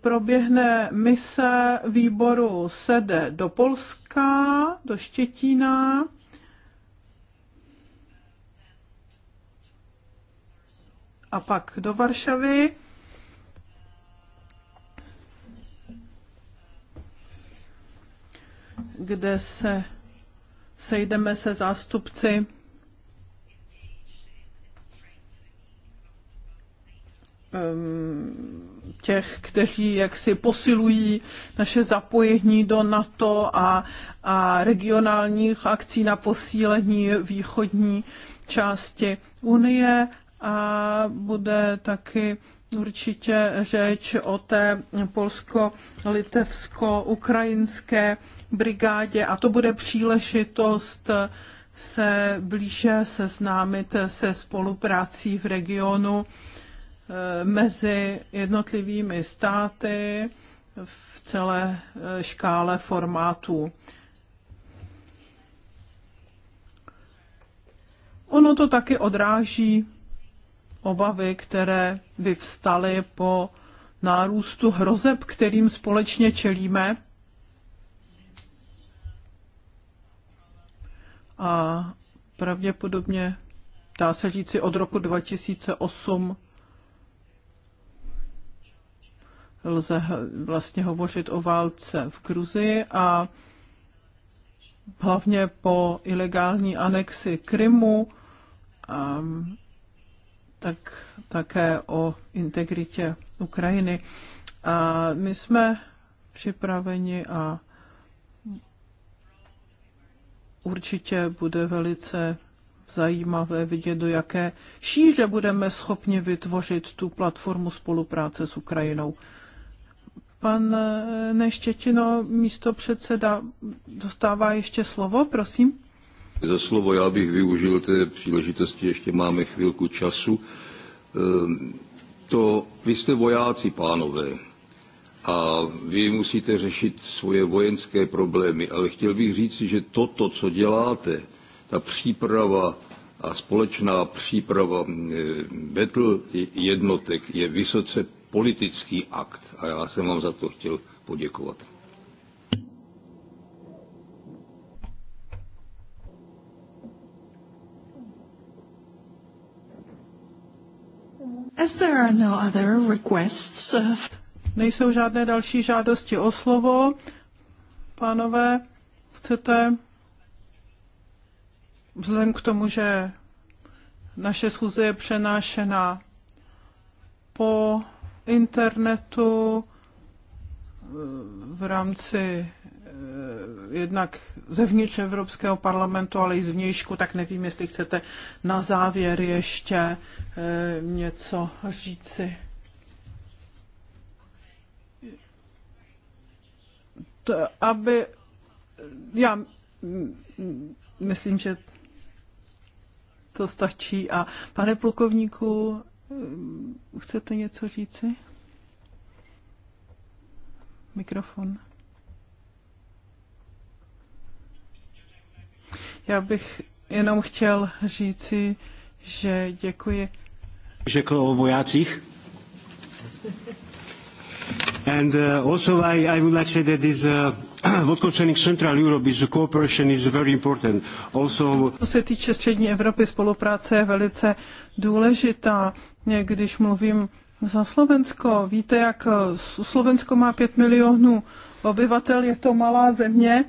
proběhne mise výboru SEDE do Polska, do Štětína. A pak do Varšavy. kde se sejdeme se zástupci Ehm, těch, kteří jaksi posilují naše zapojení do NATO a, a regionálních akcí na posílení východní části Unie a bude taky určitě řeč o té polsko-litevsko-ukrajinské brigádě a to bude příležitost se blíže seznámit se spoluprácí v regionu Eh, mezi jednotlivými státy v celé eh, škále formátů. Ono to taky odráží obavy, které vyvstaly po nárůstu hrozeb, kterým společně čelíme. A pravděpodobně, dá se říci, od roku 2008 lze vlastně hovořit o válce v Gruzii a hlavně po ilegální anexi Krymu, a, tak také o integritě Ukrajiny. A my jsme připraveni a určitě bude velice zajímavé vidět, do jaké šíře budeme schopni vytvořit tu platformu spolupráce s Ukrajinou. Pan eh, Neštětino, místo předseda, dostává ještě slovo, prosím. Za slovo já bych využil té příležitosti, ještě máme chvilku času. Eh, to, vy jste vojáci, pánové, a vy musíte řešit svoje vojenské problémy, ale chtěl bych říci, že toto, co děláte, ta příprava a společná příprava eh, battle jednotek je vysoce politický akt a já jsem vám za to chtěl poděkovat. As there are no other requests, uh, Nejsou žádné další žádosti o slovo. Pánové, chcete, vzhledem k tomu, že naše schůze je přenášena po internetu eh, v rámci eh, jednak zevnitř Evropského parlamentu, ale i zvnějšku, tak nevím, jestli chcete na závěr ještě eh, něco říci. To, aby já myslím, že to stačí. A pane plukovníku, Ehm, chcete něco říci? Mikrofon. Já bych jenom chtěl říci, že děkuji. Řekl o vojácích. And uh, also I, I would like to say that this uh, what concerning Central Europe is the cooperation is very important. Also... Co se týče střední Evropy, spolupráce je velice důležitá. Když mluvím za Slovensko, víte, jak eh, Slovensko má 5 milionů obyvatel, je to malá země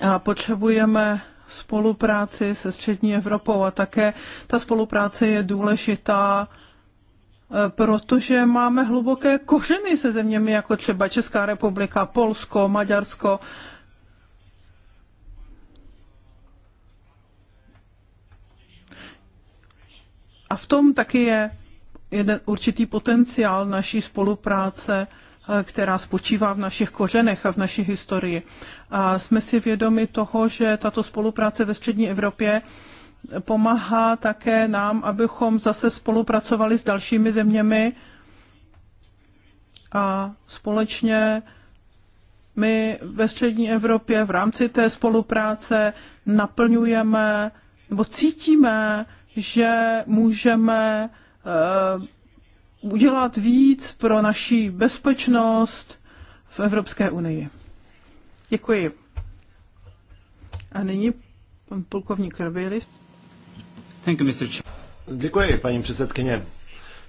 a potřebujeme spolupráci se střední Evropou a také ta spolupráce je důležitá protože máme hluboké kořeny se zeměmi jako třeba Česká republika, Polsko, Maďarsko. A v tom taky je jeden určitý potenciál naší spolupráce, eh, která spočívá v našich kořenech a v naší historii. A jsme si vědomi toho, že tato spolupráce ve střední Evropě pomáhá také nám, abychom zase spolupracovali s dalšími zeměmi a společně my ve střední Evropě v rámci té spolupráce naplňujeme nebo cítíme, že můžeme uh, udělat víc pro naši bezpečnost v Evropské unii. Děkuji. A nyní pan plukovník Rebělis. Děkuji, paní předsedkyně.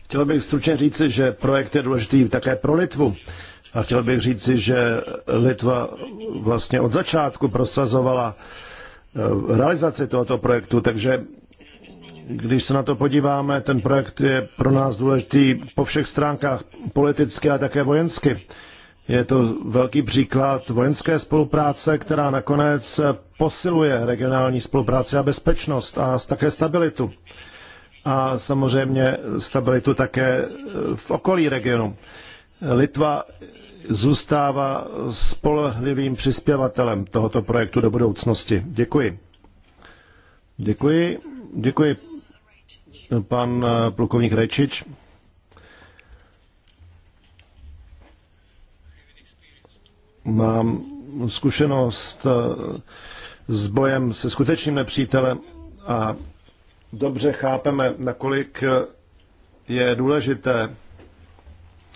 Chtěl bych stručně říci, že projekt je důležitý také pro Litvu. A chtěl bych říci, že Litva vlastně od začátku prosazovala eh, realizaci tohoto projektu, takže když se na to podíváme, ten projekt je pro nás důležitý po všech stránkách, politicky a také vojensky. Je to velký příklad vojenské spolupráce, která nakonec posiluje regionální spolupráci a bezpečnost a také stabilitu. A samozřejmě stabilitu také v okolí regionu. Litva zůstává spolehlivým přispěvatelem tohoto projektu do budoucnosti. Děkuji. Děkuji. Děkuji pan plukovník Rečič. mám zkušenost eh, s bojem se skutečným nepřítelem a dobře chápeme, nakolik eh, je důležité eh,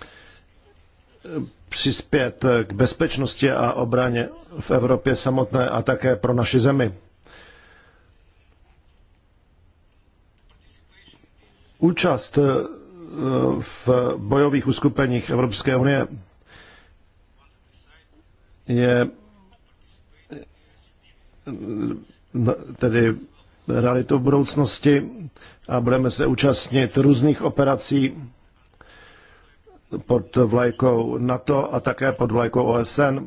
přispět k bezpečnosti a obraně v Evropě samotné a také pro naši zemi. Účast v bojových uskupeních Evropské unie je tedy realitou v budoucnosti a budeme se účastnit různých operací pod vlajkou NATO a také pod vlajkou OSN.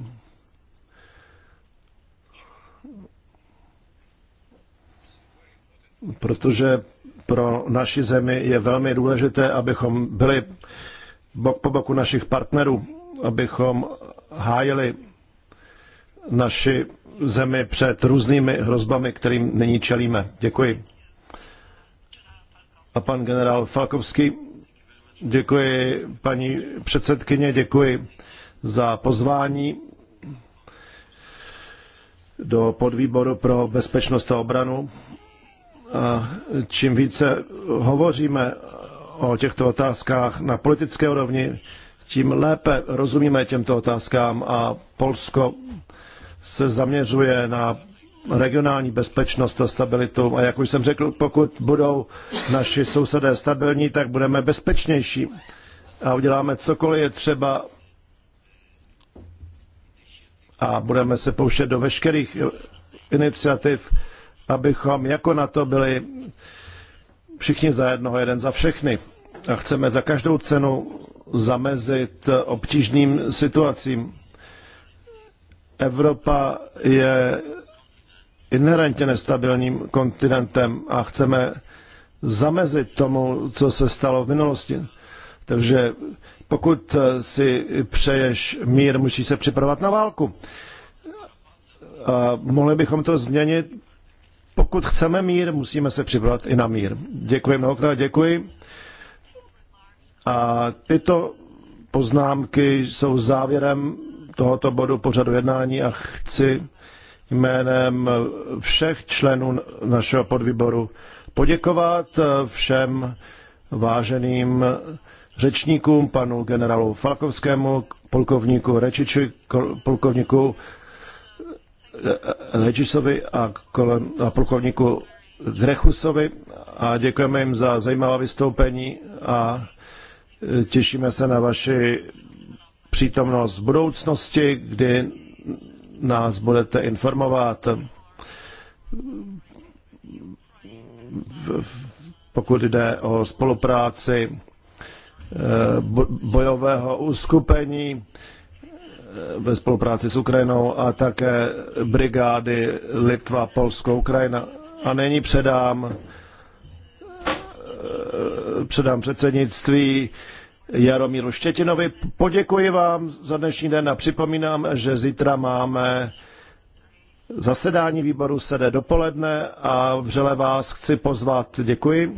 Protože pro naši zemi je velmi důležité, abychom byli bok po boku našich partnerů, abychom hájili naši zemi před různými hrozbami, kterým nyní čelíme. Děkuji. A pan generál Falkovský, děkuji paní předsedkyně, děkuji za pozvání do podvýboru pro bezpečnost a obranu. A čím více hovoříme o těchto otázkách na politické úrovni, tím lépe rozumíme těmto otázkám a Polsko se zaměřuje na regionální bezpečnost a stabilitu. A jak už jsem řekl, pokud budou naši sousedé stabilní, tak budeme bezpečnější a uděláme cokoliv je třeba a budeme se pouštět do veškerých iniciativ, abychom jako na to byli všichni za jednoho, jeden za všechny. A chceme za každou cenu zamezit obtížným situacím. Evropa je inherentně nestabilním kontinentem a chceme zamezit tomu, co se stalo v minulosti. Takže pokud si přeješ mír, musí se připravovat na válku. A mohli bychom to změnit. Pokud chceme mír, musíme se připravovat i na mír. Děkuji mnohokrát, děkuji. A tyto poznámky jsou závěrem tohoto bodu pořadu jednání a chci jménem všech členů našeho podvýboru poděkovat všem váženým řečníkům, panu generálu Falkovskému, polkovníku Rečiči, polkovníku Lečišovi eh, a, a polkovníku Grechusovi a děkujeme jim za zajímavá vystoupení a eh, těšíme se na vaši přítomnost v budoucnosti, kdy nás budete informovat. Pokud jde o spolupráci eh, bojového uskupení eh, ve spolupráci s Ukrajinou a také brigády Litva, Polsko, Ukrajina. A nyní předám, eh, předám předsednictví Jaromíru Štětinovi. Poděkuji vám za dnešní den a připomínám, že zítra máme zasedání výboru sede dopoledne a vřele vás chci pozvat. Děkuji.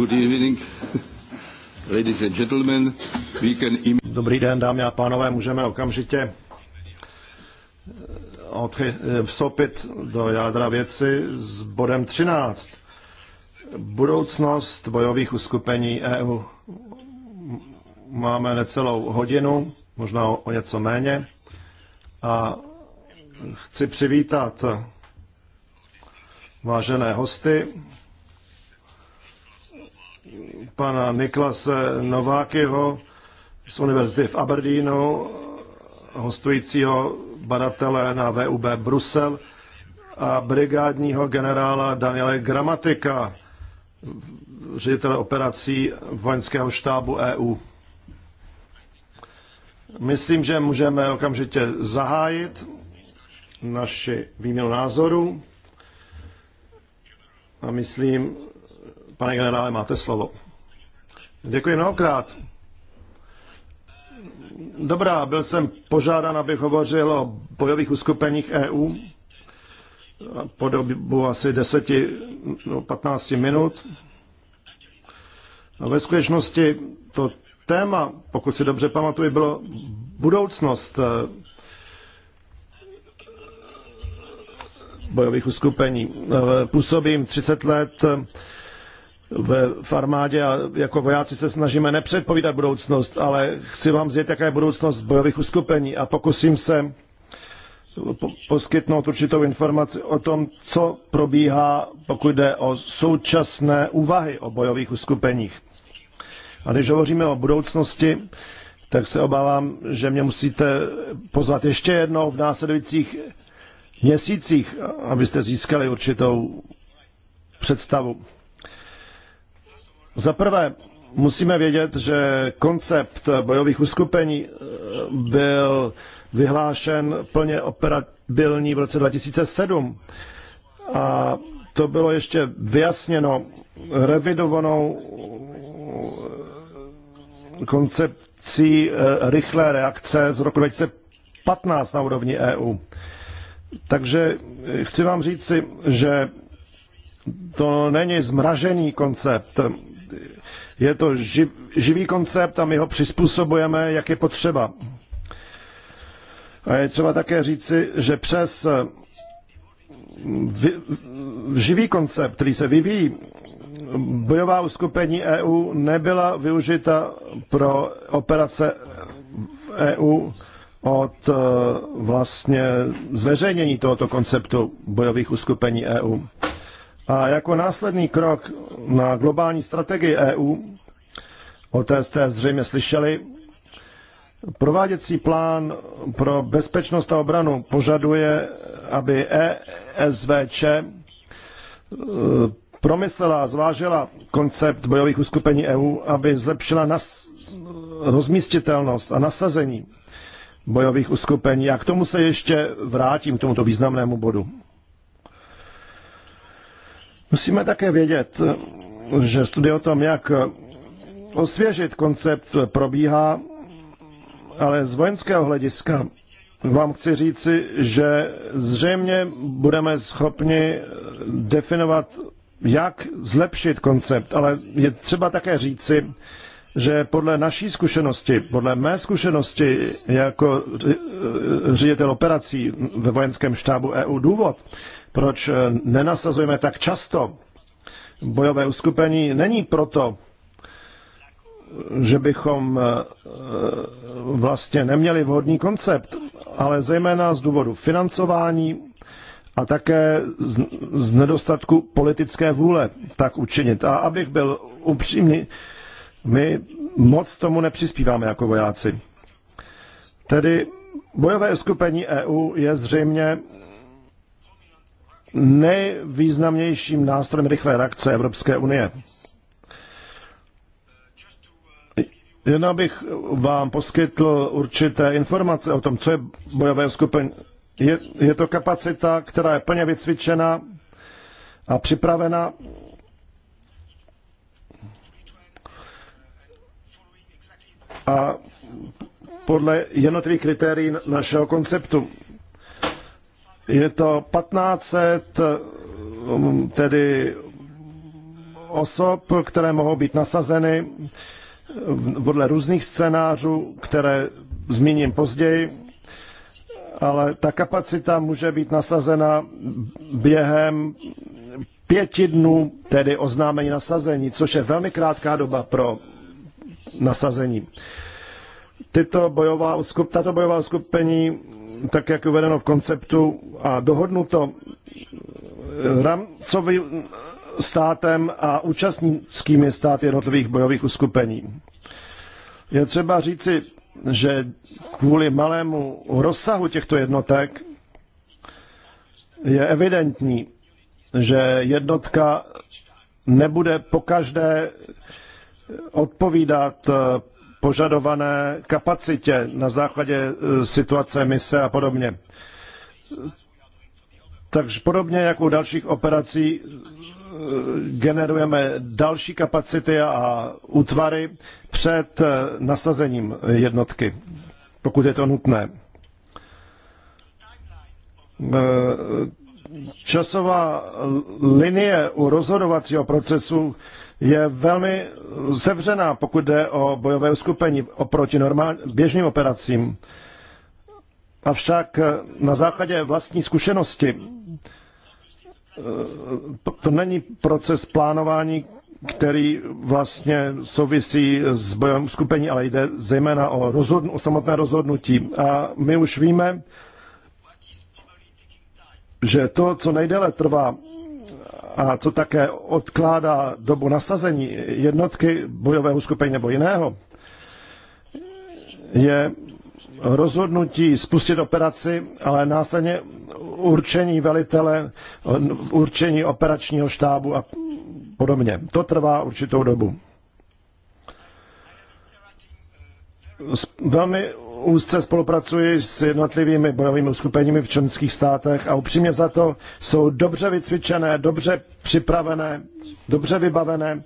Good evening, ladies and gentlemen. We can... Dobrý den, dámy a pánové, můžeme okamžitě eh, eh, vstoupit do jádra věci s bodem 13. Budoucnost bojových uskupení EU. Máme necelou hodinu, možná o něco méně. A chci přivítat vážené hosty, pana Niklase Novákyho z univerzity v Aberdeenu, hostujícího badatele na VUB Brusel a brigádního generála Daniele Gramatika, ředitele operací vojenského štábu EU. Myslím, že můžeme okamžitě zahájit naši výměnu názoru a myslím, Pane generále, máte slovo. Děkuji mnohokrát. Dobrá, byl jsem požádán, abych hovořil o bojových uskupeních EU po dobu asi 10 no, 15 minut. A ve skutečnosti to téma, pokud si dobře pamatuju, bylo budoucnost eh, bojových uskupení. Eh, působím 30 let eh, v, farmádě armádě a jako vojáci se snažíme nepředpovídat budoucnost, ale chci vám zjet, jaká je budoucnost bojových uskupení a pokusím se poskytnout určitou informaci o tom, co probíhá, pokud jde o současné úvahy o bojových uskupeních. A když hovoříme o budoucnosti, tak se obávám, že mě musíte pozvat ještě jednou v následujících měsících, abyste získali určitou představu. Za prvé, musíme vědět, že koncept bojových uskupení eh, byl vyhlášen plně operabilní v roce 2007 a to bylo ještě vyjasněno revidovanou eh, koncepcí eh, rychlé reakce z roku 2015 na úrovni EU. Takže chci vám říci, že to není zmražený koncept je to živ, živý koncept a my ho přizpůsobujeme, jak je potřeba. A je třeba také říci, že přes eh, vy, živý koncept, který se vyvíjí, bojová uskupení EU nebyla využita pro operace v EU od eh, vlastně zveřejnění tohoto konceptu bojových uskupení EU. A jako následný krok na globální strategii EU, o té jste zřejmě slyšeli, prováděcí plán pro bezpečnost a obranu požaduje, aby ESVČ e, promyslela a zvážila koncept bojových uskupení EU, aby zlepšila nas- rozmístitelnost a nasazení bojových uskupení. A k tomu se ještě vrátím, k tomuto významnému bodu. Musíme také vědět, že studie o tom, jak osvěžit koncept, probíhá, ale z vojenského hlediska vám chci říci, že zřejmě budeme schopni definovat, jak zlepšit koncept, ale je třeba také říci, že podle naší zkušenosti, podle mé zkušenosti jako ředitel operací ve vojenském štábu EU důvod, proč eh, nenasazujeme tak často bojové uskupení, není proto, že bychom eh, eh, vlastně neměli vhodný koncept, ale zejména z důvodu financování a také z nedostatku politické vůle tak učinit. A abych byl upřímný, my moc tomu nepřispíváme jako vojáci. Tedy bojové skupení EU je zřejmě nejvýznamnějším nástrojem rychlé reakce Evropské unie. Jen abych vám poskytl určité informace o tom, co je bojové skupin. Je, je to kapacita, která je plně vycvičena a připravena a podle jednotlivých kritérií našeho konceptu. Je to 1500 um, tedy osob, které mohou být nasazeny podle různých scénářů, které zmíním později, ale ta kapacita může být nasazena během pěti dnů, tedy oznámení nasazení, což je velmi krátká doba pro nasazení. Tyto bojová, tato bojová uskupení tak jak uvedeno v konceptu a dohodnuto rámcovým státem a účastnickými státy jednotlivých bojových uskupení. Je třeba říci, že kvůli malému rozsahu těchto jednotek je evidentní, že jednotka nebude pokaždé odpovídat požadované kapacitě na základě e, situace mise a podobně. Takže podobně jako u dalších operací e, generujeme další kapacity a útvary před e, nasazením jednotky, pokud je to nutné časová linie u rozhodovacího procesu je velmi sevřená, pokud jde o bojové uskupení oproti normál, běžným operacím. Avšak na základě vlastní zkušenosti eh, to není proces plánování, který vlastně souvisí s bojovým skupení, ale jde zejména o, rozhodn- o samotné rozhodnutí. A my už víme, že to, co nejdéle trvá a co také odkládá dobu nasazení jednotky bojového skupení nebo jiného, je rozhodnutí spustit operaci, ale následně určení velitele, určení operačního štábu a podobně. To trvá určitou dobu. Velmi úzce spolupracuji s jednotlivými bojovými uskupeními v členských státech a upřímně za to jsou dobře vycvičené, dobře připravené, dobře vybavené.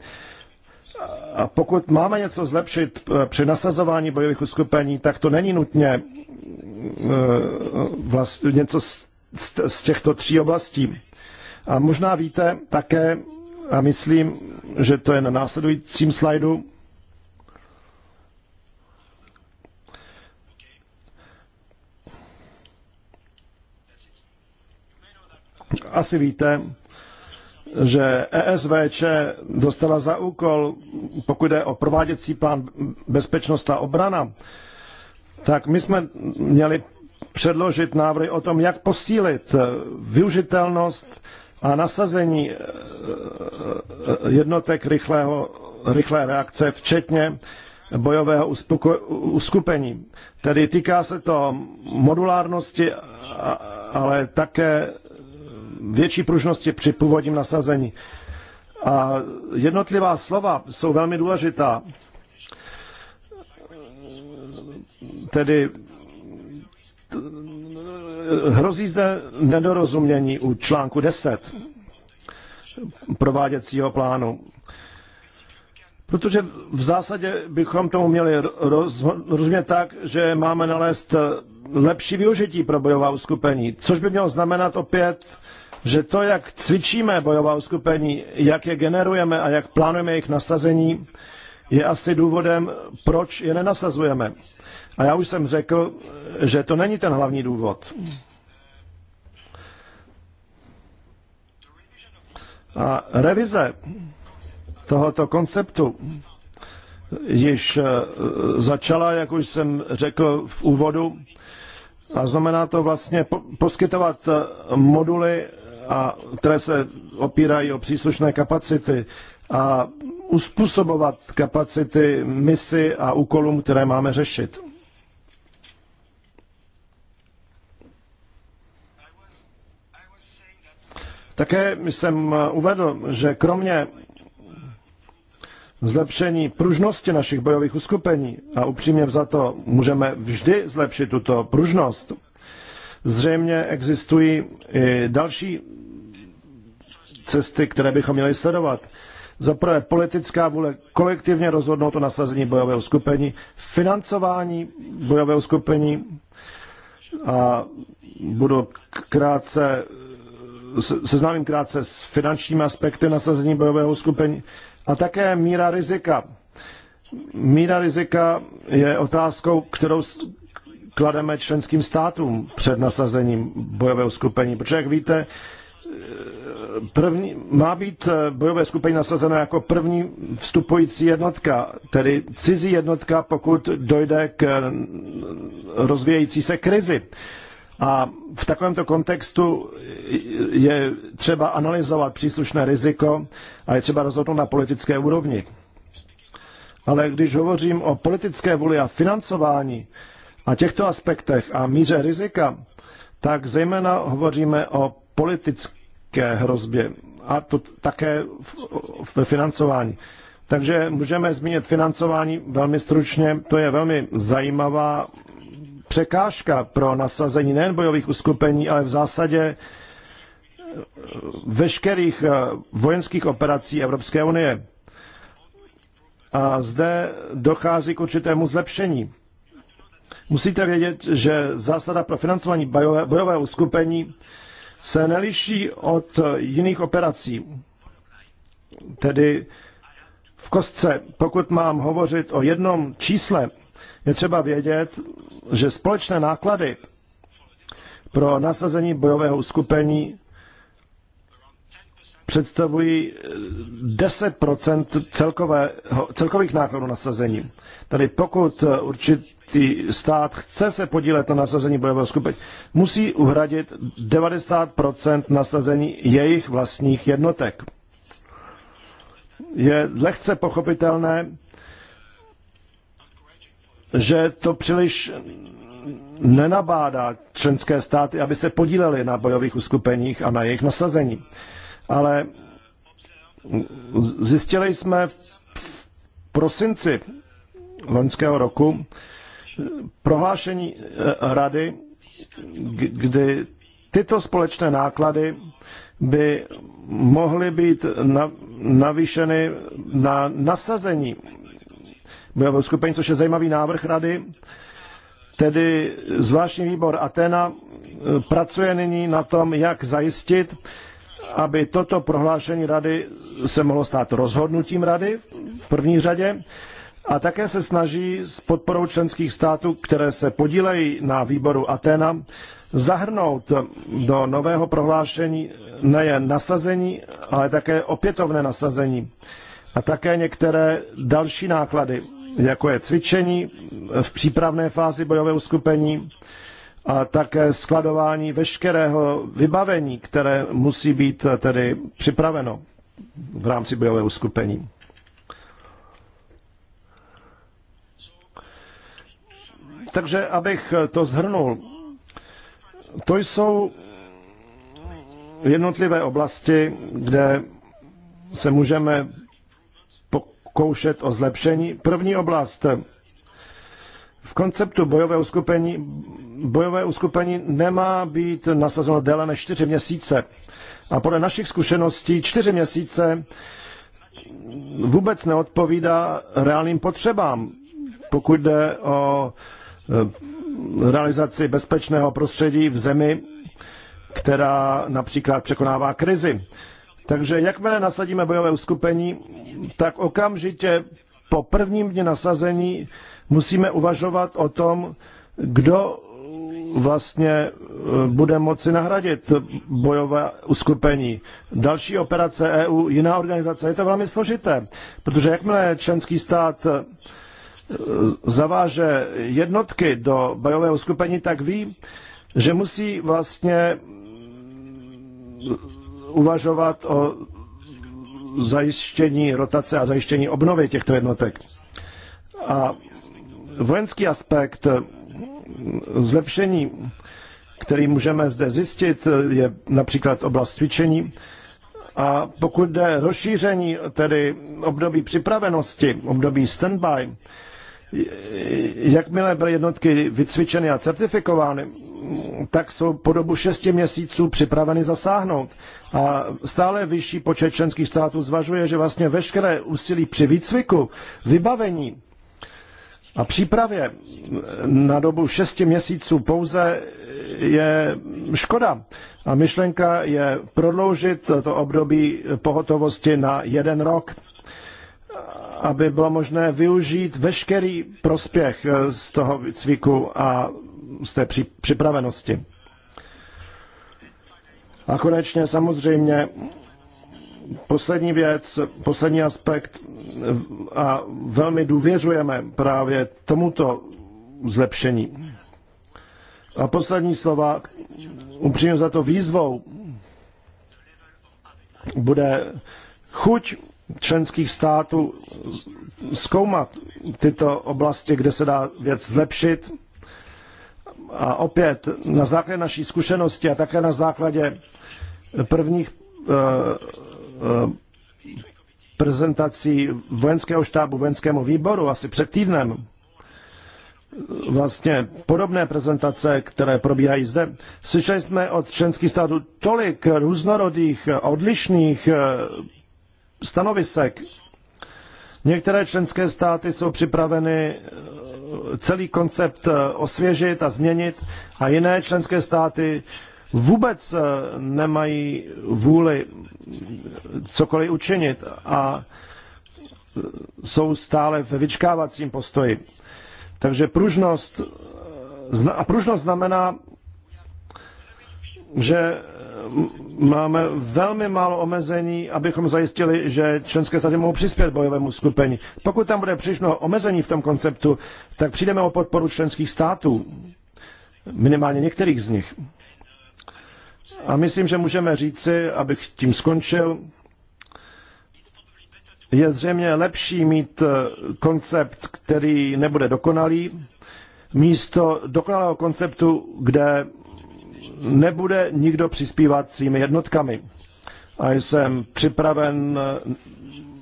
A pokud máme něco zlepšit eh, při nasazování bojových uskupení, tak to není nutně vlastně něco z, z, z těchto tří oblastí. A možná víte také, a myslím, že to je na následujícím slajdu, asi víte, že ESVČ dostala za úkol, pokud jde o prováděcí plán bezpečnost a obrana, tak my jsme měli předložit návrhy o tom, jak posílit využitelnost a nasazení e, e, jednotek rychlého, rychlé reakce, včetně bojového uspoko- uskupení. Tedy týká se to modulárnosti, ale také větší pružnosti při původním nasazení. A jednotlivá slova jsou velmi důležitá. Tedy hrozí zde nedorozumění u článku 10 prováděcího plánu. Protože v zásadě bychom tomu měli roz, rozumět tak, že máme nalézt lepší využití pro bojová uskupení, což by mělo znamenat opět že to, jak cvičíme bojová uskupení, jak je generujeme a jak plánujeme jejich nasazení, je asi důvodem, proč je nenasazujeme. A já už jsem řekl, že to není ten hlavní důvod. A revize tohoto konceptu již eh, začala, jak už jsem řekl v úvodu, a znamená to vlastně poskytovat eh, moduly a, které se opírají o příslušné kapacity a uspůsobovat kapacity misi a úkolům, které máme řešit. Také jsem uvedl, že kromě zlepšení pružnosti našich bojových uskupení, a upřímně to můžeme vždy zlepšit tuto pružnost, Zřejmě existují i další cesty, které bychom měli sledovat. Za prvé politická vůle kolektivně rozhodnout o nasazení bojového skupení, financování bojového skupení a budu krátce, seznámím krátce s finančními aspekty nasazení bojového skupení a také míra rizika. Míra rizika je otázkou, kterou klademe členským státům před nasazením bojového skupení. Protože, jak víte, první, má být eh, bojové skupení nasazeno jako první vstupující jednotka, tedy cizí jednotka, pokud dojde k rozvíjející se krizi. A v takovémto kontextu je třeba analyzovat příslušné riziko a je třeba rozhodnout na politické úrovni. Ale když hovořím o politické vůli a financování, a těchto aspektech a míře rizika, tak zejména hovoříme o politické hrozbě a to také ve financování. Takže můžeme zmínit financování velmi stručně. To je velmi zajímavá překážka pro nasazení nejen bojových uskupení, ale v zásadě eh, veškerých eh, vojenských operací Evropské unie. A zde dochází k určitému zlepšení. Musíte vědět, že zásada pro financování bojové, bojového uskupení se neliší od jiných operací. Tedy v kostce, pokud mám hovořit o jednom čísle, je třeba vědět, že společné náklady pro nasazení bojového uskupení představují 10 eh, celkového, celkových nákladů nasazení. Tedy pokud eh, určitý stát chce se podílet na nasazení bojového skupiny, musí uhradit 90 nasazení jejich vlastních jednotek. Je lehce pochopitelné, že to příliš nenabádá členské státy, aby se podíleli na bojových uskupeních a na jejich nasazení ale zjistili jsme v prosinci loňského roku prohlášení eh, rady, kdy tyto společné náklady by mohly být navýšeny na nasazení bojového skupení, což je zajímavý návrh rady. Tedy zvláštní výbor Atena eh, pracuje nyní na tom, jak zajistit, aby toto prohlášení rady se mohlo stát rozhodnutím rady v první řadě a také se snaží s podporou členských států, které se podílejí na výboru Atena, zahrnout do nového prohlášení nejen nasazení, ale také opětovné nasazení a také některé další náklady, jako je cvičení v přípravné fázi bojového skupení, a také skladování veškerého vybavení, které musí být tedy připraveno v rámci bojového skupení. Takže abych to zhrnul, to jsou jednotlivé oblasti, kde se můžeme pokoušet o zlepšení. První oblast v konceptu bojového uskupení, bojové uskupení nemá být nasazeno déle než čtyři měsíce. A podle našich zkušeností čtyři měsíce vůbec neodpovídá reálným potřebám, pokud jde o eh, realizaci bezpečného prostředí v zemi, která například překonává krizi. Takže jakmile nasadíme bojové uskupení, tak okamžitě po prvním dni nasazení musíme uvažovat o tom, kdo vlastně eh, bude moci nahradit bojové uskupení. Další operace EU, jiná organizace, je to velmi složité, protože jakmile členský stát eh, zaváže jednotky do bojového uskupení, tak ví, že musí vlastně mm, uvažovat o zajištění rotace a zajištění obnovy těchto jednotek. A vojenský aspekt eh, zlepšení, který můžeme zde zjistit, eh, je například oblast cvičení. A pokud jde rozšíření, tedy období připravenosti, období standby, eh, jakmile byly jednotky vycvičeny a certifikovány, tak jsou po dobu šesti měsíců připraveny zasáhnout. A stále vyšší počet členských států zvažuje, že vlastně veškeré úsilí při výcviku, vybavení a přípravě na dobu šesti měsíců pouze je škoda. A myšlenka je prodloužit to období pohotovosti na jeden rok, aby bylo možné využít veškerý prospěch z toho cviku a z té připravenosti. A konečně samozřejmě Poslední věc, poslední aspekt a velmi důvěřujeme právě tomuto zlepšení. A poslední slova, upřímně za to výzvou, bude chuť členských států zkoumat tyto oblasti, kde se dá věc zlepšit. A opět na základě naší zkušenosti a také na základě prvních eh, Eh, prezentací vojenského štábu vojenskému výboru asi před týdnem, vlastně podobné prezentace, které probíhají zde. Slyšeli jsme od členských států tolik různorodých, odlišných eh, stanovisek. Některé členské státy jsou připraveny eh, celý koncept osvěžit a změnit a jiné členské státy vůbec eh, nemají vůli cokoliv učinit a jsou stále ve vyčkávacím postoji. Takže pružnost, eh, a pružnost znamená, že máme velmi málo omezení, abychom zajistili, že členské státy mohou přispět bojovému skupení. Pokud tam bude příliš mnoho omezení v tom konceptu, tak přijdeme o podporu členských států, minimálně některých z nich. A myslím, že můžeme říci, abych tím skončil, je zřejmě lepší mít eh, koncept, který nebude dokonalý, místo dokonalého konceptu, kde nebude nikdo přispívat svými jednotkami. A jsem připraven eh,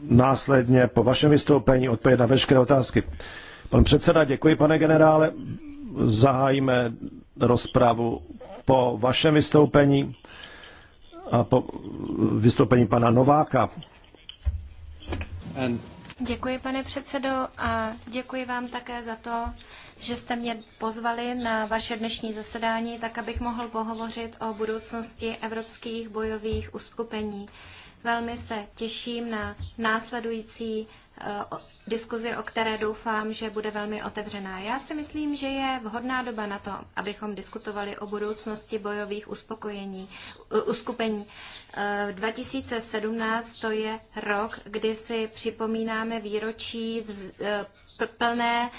následně po vašem vystoupení odpovědět na veškeré otázky. Pan předseda, děkuji, pane generále. Zahájíme rozpravu po vašem vystoupení a po vystoupení pana Nováka. Děkuji, pane předsedo, a děkuji vám také za to, že jste mě pozvali na vaše dnešní zasedání, tak abych mohl pohovořit o budoucnosti evropských bojových uskupení. Velmi se těším na následující diskuzi, o které doufám, že bude velmi otevřená. Já si myslím, že je vhodná doba na to, abychom diskutovali o budoucnosti bojových uspokojení, uskupení. 2017 e, to je rok, kdy si připomínáme výročí vz, e, plné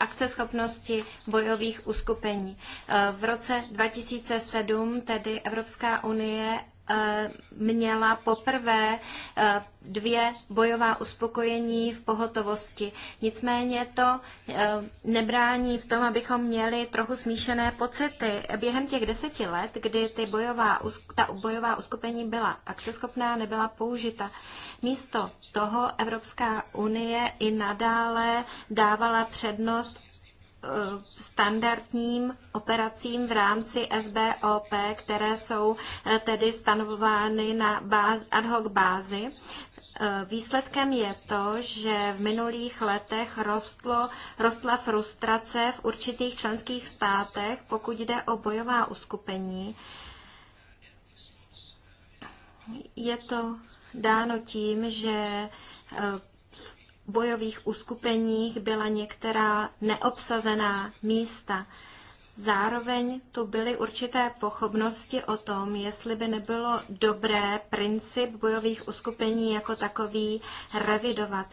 akceschopnosti bojových uskupení. E, v roce 2007 tedy Evropská unie Eh, měla poprvé eh, dvě bojová uspokojení v pohotovosti. Nicméně to eh, nebrání v tom, abychom měli trochu smíšené pocity. Během těch deseti let, kdy ty bojová, ta bojová uskupení byla akceschopná, nebyla použita. Místo toho Evropská unie i nadále dávala přednost Eh, standardním operacím v rámci SBOP, které jsou eh, tedy stanovovány na báz, ad hoc bázi. Eh, výsledkem je to, že v minulých letech rostlo, rostla frustrace v určitých členských státech, pokud jde o bojová uskupení. Je to dáno tím, že bojových uskupeních byla některá neobsazená místa. Zároveň tu byly určité pochopnosti o tom, jestli by nebylo dobré princip bojových uskupení jako takový revidovat.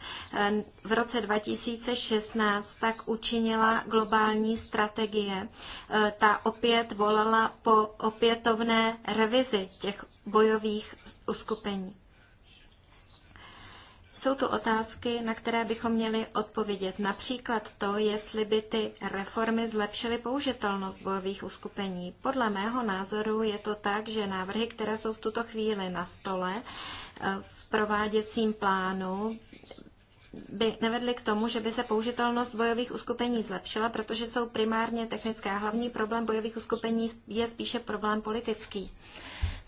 V roce 2016 tak učinila globální strategie. Ta opět volala po opětovné revizi těch bojových uskupení. Jsou to otázky, na které bychom měli odpovědět. Například to, jestli by ty reformy zlepšily použitelnost bojových uskupení. Podle mého názoru je to tak, že návrhy, které jsou v tuto chvíli na stole eh, v prováděcím plánu, by nevedly k tomu, že by se použitelnost bojových uskupení zlepšila, protože jsou primárně technické a hlavní problém bojových uskupení je spíše problém politický.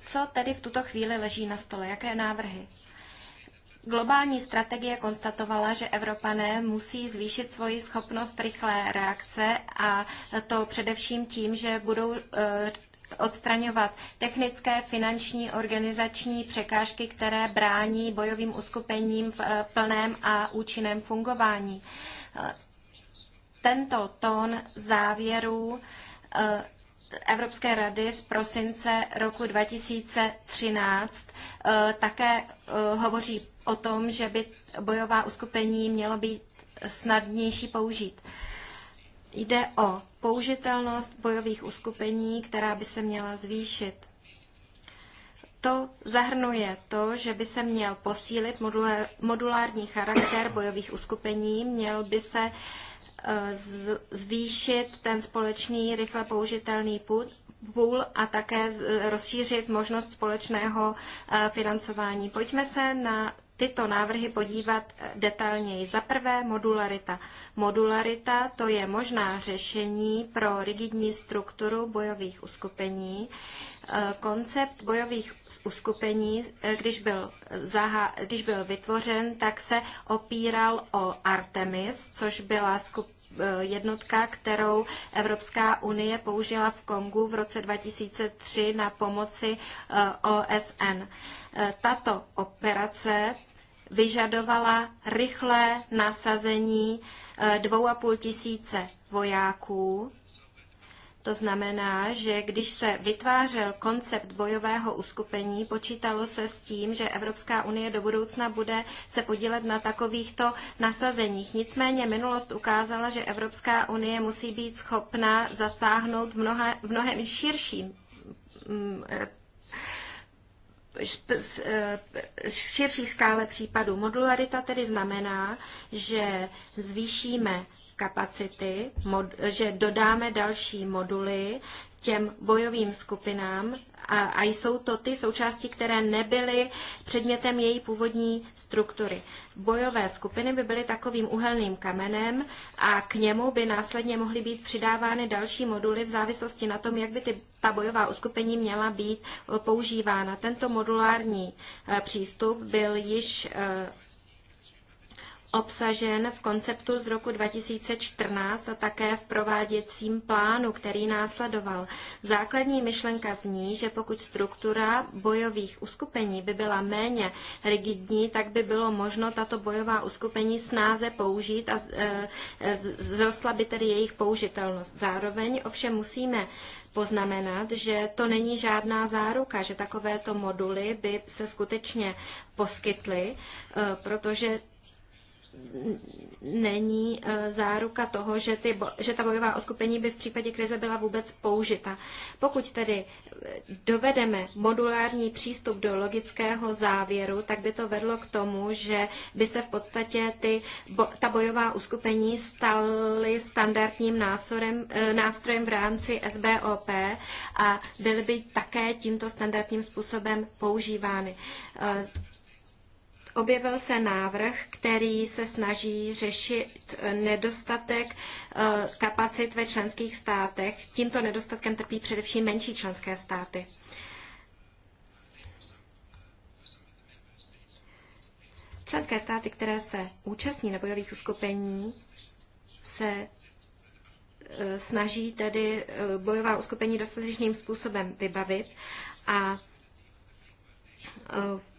Co tedy v tuto chvíli leží na stole? Jaké návrhy? Globální strategie konstatovala, že Evropané musí zvýšit svoji schopnost rychlé reakce a to především tím, že budou eh, odstraňovat technické, finanční, organizační překážky, které brání bojovým uskupením v eh, plném a účinném fungování. Eh, tento tón závěrů Evropské rady z prosince roku 2013 také hovoří o tom, že by bojová uskupení mělo být snadnější použít. Jde o použitelnost bojových uskupení, která by se měla zvýšit. To zahrnuje to, že by se měl posílit modulární charakter bojových uskupení, měl by se e, zvýšit ten společný rychle použitelný půl a také rozšířit možnost společného e, financování. Pojďme se na tyto návrhy podívat eh, detailněji. Za prvé modularita. Modularita to je možná řešení pro rigidní strukturu bojových uskupení. Eh, koncept bojových uskupení, eh, když byl, zaha- když byl vytvořen, tak se opíral o Artemis, což byla skupina jednotka, kterou Evropská unie použila v Kongu v roce 2003 na pomoci OSN. Tato operace vyžadovala rychlé nasazení eh, dvou a půl tisíce vojáků. To znamená, že když se vytvářel koncept bojového uskupení, počítalo se s tím, že Evropská unie do budoucna bude se podílet na takovýchto nasazeních. Nicméně minulost ukázala, že Evropská unie musí být schopna zasáhnout v, v mnohem širším mm, eh, Eh, širší škále případů. Modularita tedy znamená, že zvýšíme kapacity, mod, že dodáme další moduly, těm bojovým skupinám a, a jsou to ty součásti, které nebyly předmětem její původní struktury. Bojové skupiny by byly takovým uhelným kamenem a k němu by následně mohly být přidávány další moduly v závislosti na tom, jak by ty, ta bojová uskupení měla být používána. Tento modulární e, přístup byl již e, obsažen v konceptu z roku 2014 a také v prováděcím plánu, který následoval. Základní myšlenka zní, že pokud struktura bojových uskupení by byla méně rigidní, tak by bylo možno tato bojová uskupení snáze použít a e, e, zrostla by tedy jejich použitelnost. Zároveň ovšem musíme poznamenat, že to není žádná záruka, že takovéto moduly by se skutečně poskytly, e, protože není eh, záruka toho, že, ty, že ta bojová oskupení by v případě krize byla vůbec použita. Pokud tedy eh, dovedeme modulární přístup do logického závěru, tak by to vedlo k tomu, že by se v podstatě ty, bo, ta bojová uskupení staly standardním násorem, eh, nástrojem v rámci SBOP a byly by také tímto standardním způsobem používány objevil se návrh, který se snaží řešit nedostatek eh, kapacit ve členských státech. Tímto nedostatkem trpí především menší členské státy. Členské státy, které se účastní na bojových uskupení, se eh, snaží tedy eh, bojová uskupení dostatečným způsobem vybavit a v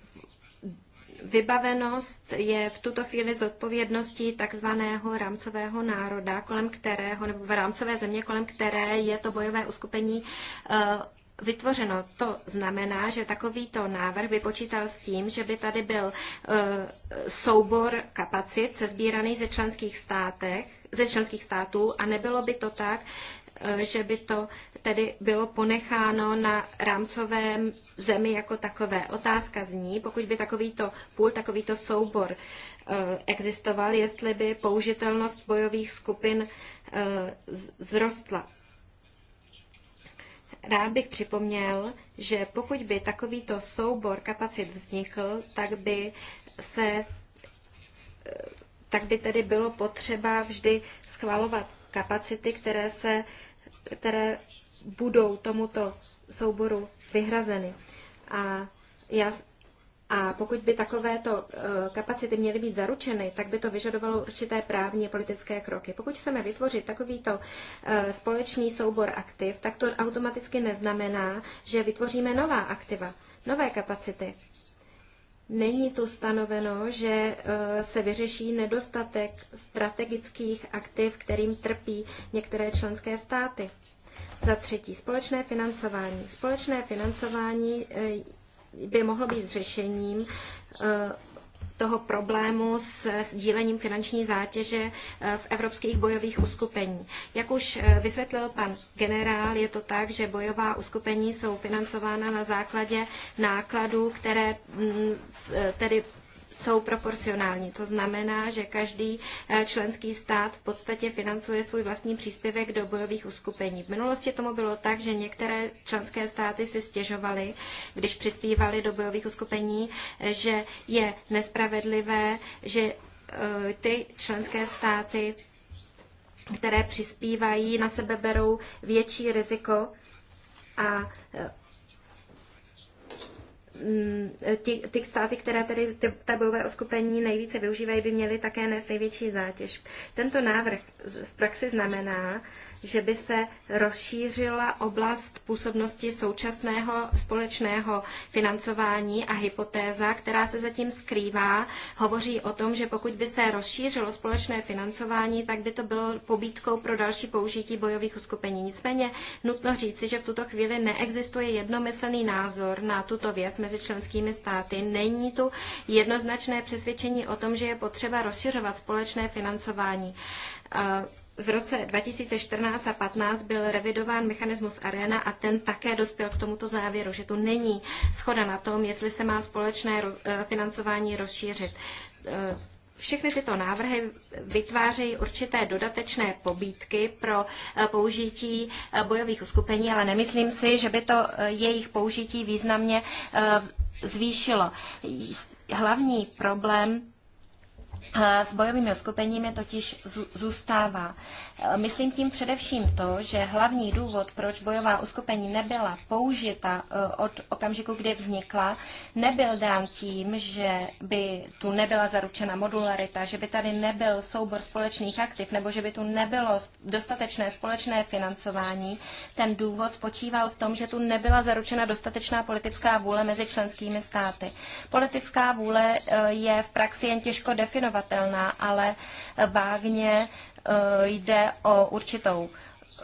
Vybavenost je v tuto chvíli zodpovědností takzvaného rámcového národa, kolem kterého, nebo v rámcové země, kolem které je to bojové uskupení eh, vytvořeno. To znamená, že takovýto návrh by počítal s tím, že by tady byl eh, soubor kapacit sezbíraný ze členských státech, ze členských států a nebylo by to tak, Eh, že by to tedy bylo ponecháno na rámcovém zemi jako takové. Otázka zní, pokud by takovýto půl, takovýto soubor eh, existoval, jestli by použitelnost bojových skupin eh, zrostla. Rád bych připomněl, že pokud by takovýto soubor kapacit vznikl, tak by se tak by tedy bylo potřeba vždy schvalovat kapacity, které se které budou tomuto souboru vyhrazeny. A, já, a pokud by takovéto eh, kapacity měly být zaručeny, tak by to vyžadovalo určité právní a politické kroky. Pokud chceme vytvořit takovýto eh, společný soubor aktiv, tak to automaticky neznamená, že vytvoříme nová aktiva, nové kapacity. Není tu stanoveno, že eh, se vyřeší nedostatek strategických aktiv, kterým trpí některé členské státy. Za třetí, společné financování. Společné financování eh, by mohlo být řešením eh, toho problému s dílením finanční zátěže eh, v evropských bojových uskupení. Jak už eh, vysvětlil pan generál, je to tak, že bojová uskupení jsou financována na základě nákladů, které mm, eh, tedy jsou proporcionální. To znamená, že každý eh, členský stát v podstatě financuje svůj vlastní příspěvek do bojových uskupení. V minulosti tomu bylo tak, že některé členské státy si stěžovaly, když přispívali do bojových uskupení, eh, že je nespravedlivé, že eh, ty členské státy, které přispívají, na sebe berou větší riziko a Eh, ty, ty státy, které tedy ty, ta bojové oskupení nejvíce využívají, by měly také nést největší zátěž. Tento návrh v praxi znamená, že by se rozšířila oblast působnosti současného společného financování a hypotéza, která se zatím skrývá, hovoří o tom, že pokud by se rozšířilo společné financování, tak by to bylo pobídkou pro další použití bojových uskupení. Nicméně nutno říci, že v tuto chvíli neexistuje jednomyslný názor na tuto věc mezi členskými členskými státy. Není tu jednoznačné přesvědčení o tom, že je potřeba rozšiřovat společné financování. V roce 2014 a 2015 byl revidován mechanismus Arena a ten také dospěl k tomuto závěru, že tu není schoda na tom, jestli se má společné eh, financování rozšířit eh, všechny tyto návrhy vytvářejí určité dodatečné pobídky pro eh, použití eh, bojových uskupení, ale nemyslím si, že by to eh, jejich použití významně zvýšilo. Hlavní problém s bojovými uskupeními totiž zůstává. E, myslím tím především to, že hlavní důvod, proč bojová uskupení nebyla použita e, od okamžiku, kdy vznikla, nebyl dán tím, že by tu nebyla zaručena modularita, že by tady nebyl soubor společných aktiv nebo že by tu nebylo dostatečné společné financování. Ten důvod spočíval v tom, že tu nebyla zaručena dostatečná politická vůle mezi členskými státy. Politická vůle e, je v praxi jen těžko definovat realizovatelná, ale vágně eh, jde o určitou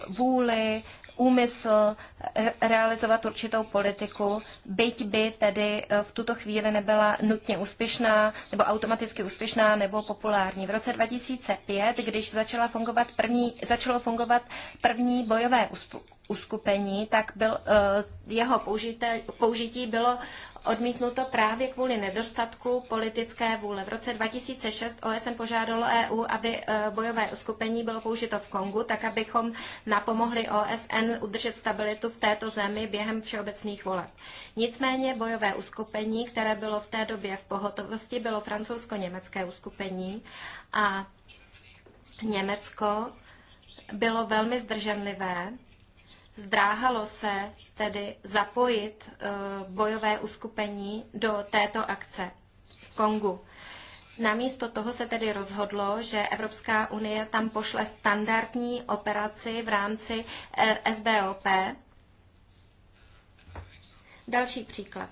vůli, úmysl eh, realizovat určitou politiku, byť by tedy eh, v tuto chvíli nebyla nutně úspěšná nebo automaticky úspěšná nebo populární. V roce 2005, když začala fungovat první, začalo fungovat první bojové uskupení, tak byl, jeho použité, použití bylo odmítnuto právě kvůli nedostatku politické vůle. V roce 2006 OSN požádalo EU, aby e, bojové uskupení bylo použito v Kongu, tak abychom napomohli OSN udržet stabilitu v této zemi během všeobecných voleb. Nicméně bojové uskupení, které bylo v té době v pohotovosti, bylo francouzsko-německé uskupení a Německo bylo velmi zdrženlivé Zdráhalo se tedy zapojit eh, bojové uskupení do této akce v Kongu. Namísto toho se tedy rozhodlo, že Evropská unie tam pošle standardní operaci v rámci eh, SBOP. Další příklad.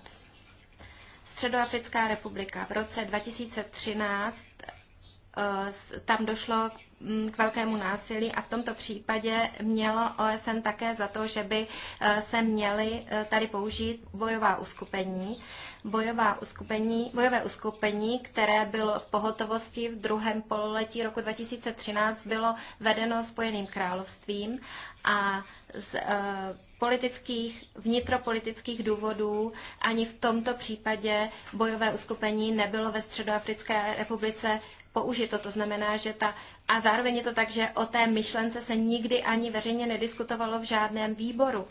Středoafrická republika. V roce 2013 tam došlo mm, k velkému násilí a v tomto případě mělo OSN také za to, že by eh, se měly eh, tady použít bojová uskupení. Bojová uskupení, bojové uskupení, které bylo v pohotovosti v druhém pololetí roku 2013, bylo vedeno Spojeným královstvím a z eh, politických, vnitropolitických důvodů ani v tomto případě bojové uskupení nebylo ve Středoafrické republice použito. To znamená, že ta, a zároveň je to tak, že o té myšlence se nikdy ani veřejně nediskutovalo v žádném výboru.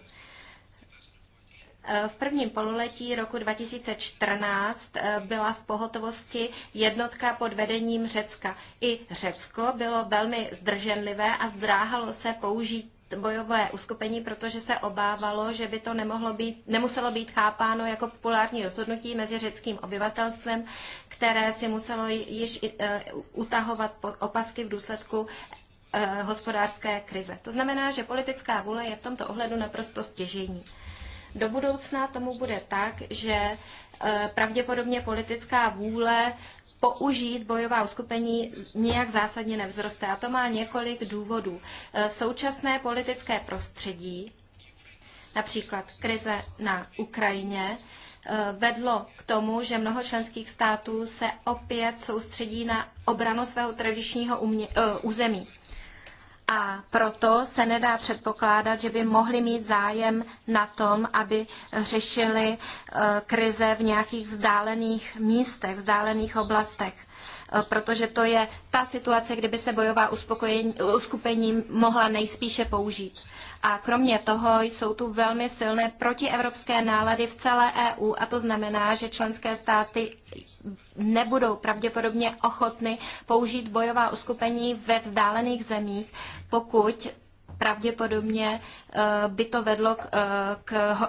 E, v prvním pololetí roku 2014 e, byla v pohotovosti jednotka pod vedením Řecka. I Řecko bylo velmi zdrženlivé a zdráhalo se použít bojové uskupení, protože se obávalo, že by to nemohlo být, nemuselo být chápáno jako populární rozhodnutí mezi řeckým obyvatelstvem, které si muselo již eh, utahovat opasky v důsledku eh, hospodářské krize. To znamená, že politická vůle je v tomto ohledu naprosto stěžení. Do budoucna tomu bude tak, že e, pravděpodobně politická vůle použít bojová uskupení nijak zásadně nevzroste. A to má několik důvodů. E, současné politické prostředí, například krize na Ukrajině, e, vedlo k tomu, že mnoho členských států se opět soustředí na obranu svého tradičního území a proto se nedá předpokládat, že by mohli mít zájem na tom, aby řešili eh, krize v nějakých vzdálených místech, vzdálených oblastech. Eh, protože to je ta situace, kdyby se bojová uskupení mohla nejspíše použít. A kromě toho jsou tu velmi silné protievropské nálady v celé EU a to znamená, že členské státy nebudou pravděpodobně ochotny použít bojová uskupení ve vzdálených zemích, pokud pravděpodobně eh, by to vedlo k eh,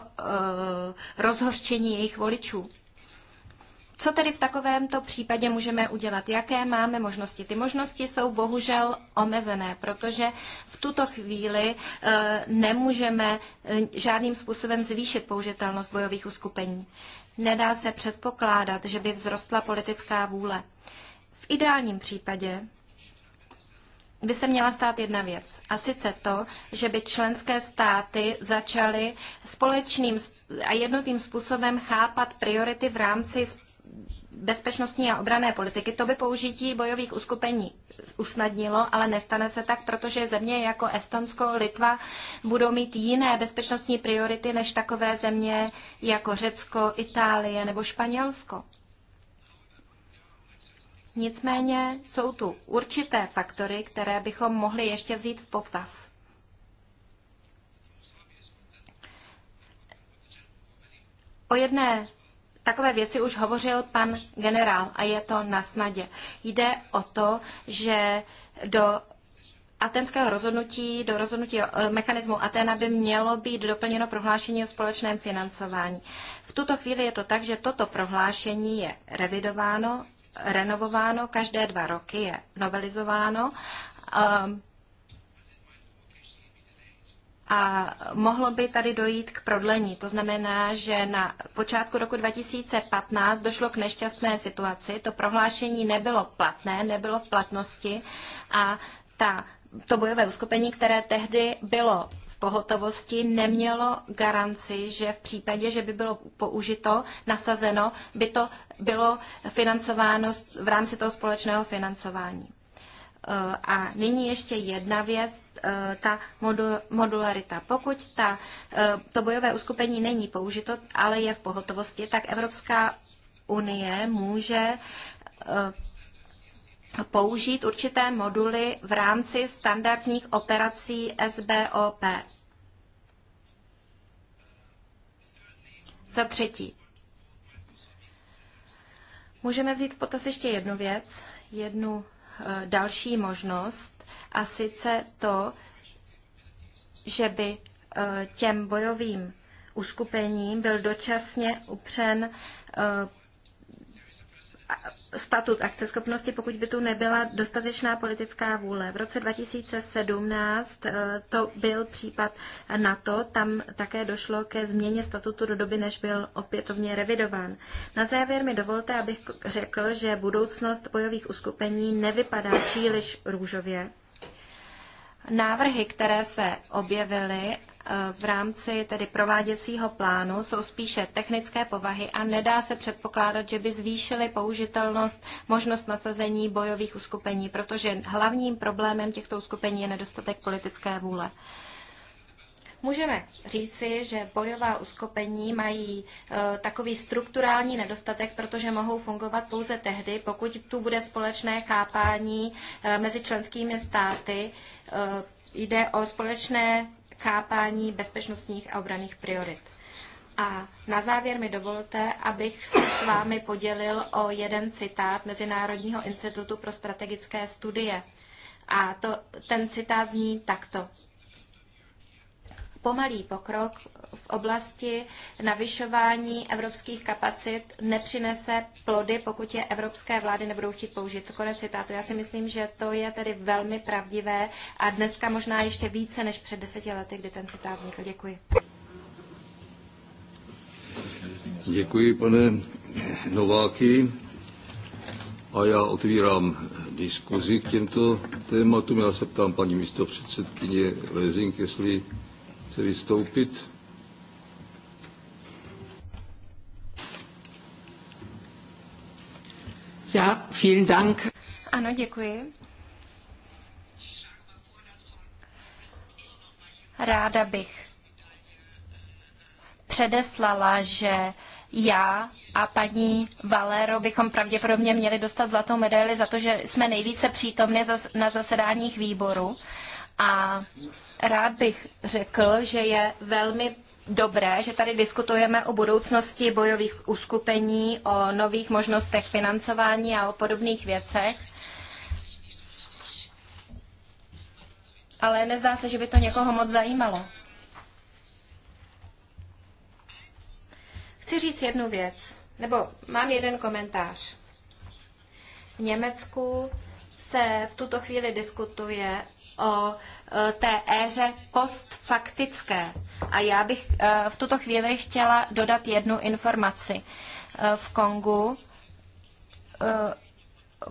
rozhořčení jejich voličů. Co tedy v takovémto případě můžeme udělat? Jaké máme možnosti? Ty možnosti jsou bohužel omezené, protože v tuto chvíli eh, nemůžeme eh, žádným způsobem zvýšit použitelnost bojových uskupení. Nedá se předpokládat, že by vzrostla politická vůle. V ideálním případě by se měla stát jedna věc, a sice to, že by členské státy začaly společným a jednotým způsobem chápat priority v rámci bezpečnostní a obrané politiky, to by použití bojových uskupení usnadnilo, ale nestane se tak, protože země jako Estonsko, Litva budou mít jiné bezpečnostní priority než takové země jako Řecko, Itálie nebo Španělsko. Nicméně jsou tu určité faktory, které bychom mohli ještě vzít v potaz. O jedné takové věci už hovořil pan generál a je to na snadě. Jde o to, že do atenského rozhodnutí, do rozhodnutí e, mechanismu Atena by mělo být doplněno prohlášení o společném financování. V tuto chvíli je to tak, že toto prohlášení je revidováno, renovováno, každé dva roky je novelizováno. Um, a mohlo by tady dojít k prodlení. To znamená, že na počátku roku 2015 došlo k nešťastné situaci, to prohlášení nebylo platné, nebylo v platnosti a ta, to bojové uskupení, které tehdy bylo v pohotovosti, nemělo garanci, že v případě, že by bylo použito, nasazeno, by to bylo financováno v rámci toho společného financování. Eh, a nyní ještě jedna věc, eh, ta modularita. Pokud ta, eh, to bojové uskupení není použito, ale je v pohotovosti, tak Evropská unie může použít určité moduly v rámci standardních operací SBOP. Za třetí. Můžeme vzít v potaz ještě jednu věc, jednu Eh, další možnost, a sice to, že by eh, těm bojovým uskupením byl dočasně upřen eh, statut akceschopnosti, pokud by tu nebyla dostatečná politická vůle. V roce 2017 eh, to byl případ NATO, tam také došlo ke změně statutu do doby, než byl opětovně revidován. Na závěr mi dovolte, abych řekl, že budoucnost bojových uskupení nevypadá příliš růžově. Návrhy, které se objevily Eh, v rámci tedy prováděcího plánu jsou spíše technické povahy a nedá se předpokládat, že by zvýšily použitelnost, možnost nasazení bojových uskupení, protože hlavním problémem těchto uskupení je nedostatek politické vůle. Můžeme říci, že bojová uskupení mají e, takový strukturální nedostatek, protože mohou fungovat pouze tehdy, pokud tu bude společné chápání e, mezi členskými státy. E, jde o společné chápání bezpečnostních a obraných priorit. A na závěr mi dovolte, abych se s vámi podělil o jeden citát Mezinárodního institutu pro strategické studie. A to, ten citát zní takto. Pomalý pokrok v oblasti navyšování evropských kapacit nepřinese plody, pokud je evropské vlády nebudou chtít použít. Konec citátu. Já si myslím, že to je tedy velmi pravdivé a dneska možná ještě více než před deseti lety, kdy ten citát vznikl. Děkuji. Děkuji, pane Nováky. A já otvírám diskuzi k těmto tématům. Já se ptám paní místo předsedkyně Lezink, jestli chce vystoupit. Ja, vielen Dank. Ano, děkuji. Ráda bych předeslala, že já a paní Valero bychom pravděpodobně měli dostat zlatou medaili za to, že jsme nejvíce přítomni na zasedáních výboru. A rád bych řekl, že je velmi dobré, že tady diskutujeme o budoucnosti bojových uskupení, o nových možnostech financování a o podobných věcech. Ale nezdá se, že by to někoho moc zajímalo. Chci říct jednu věc, nebo mám jeden komentář. V Německu se v tuto chvíli diskutuje o e, té éře postfaktické. A já bych e, v tuto chvíli chtěla dodat jednu informaci. E, v Kongu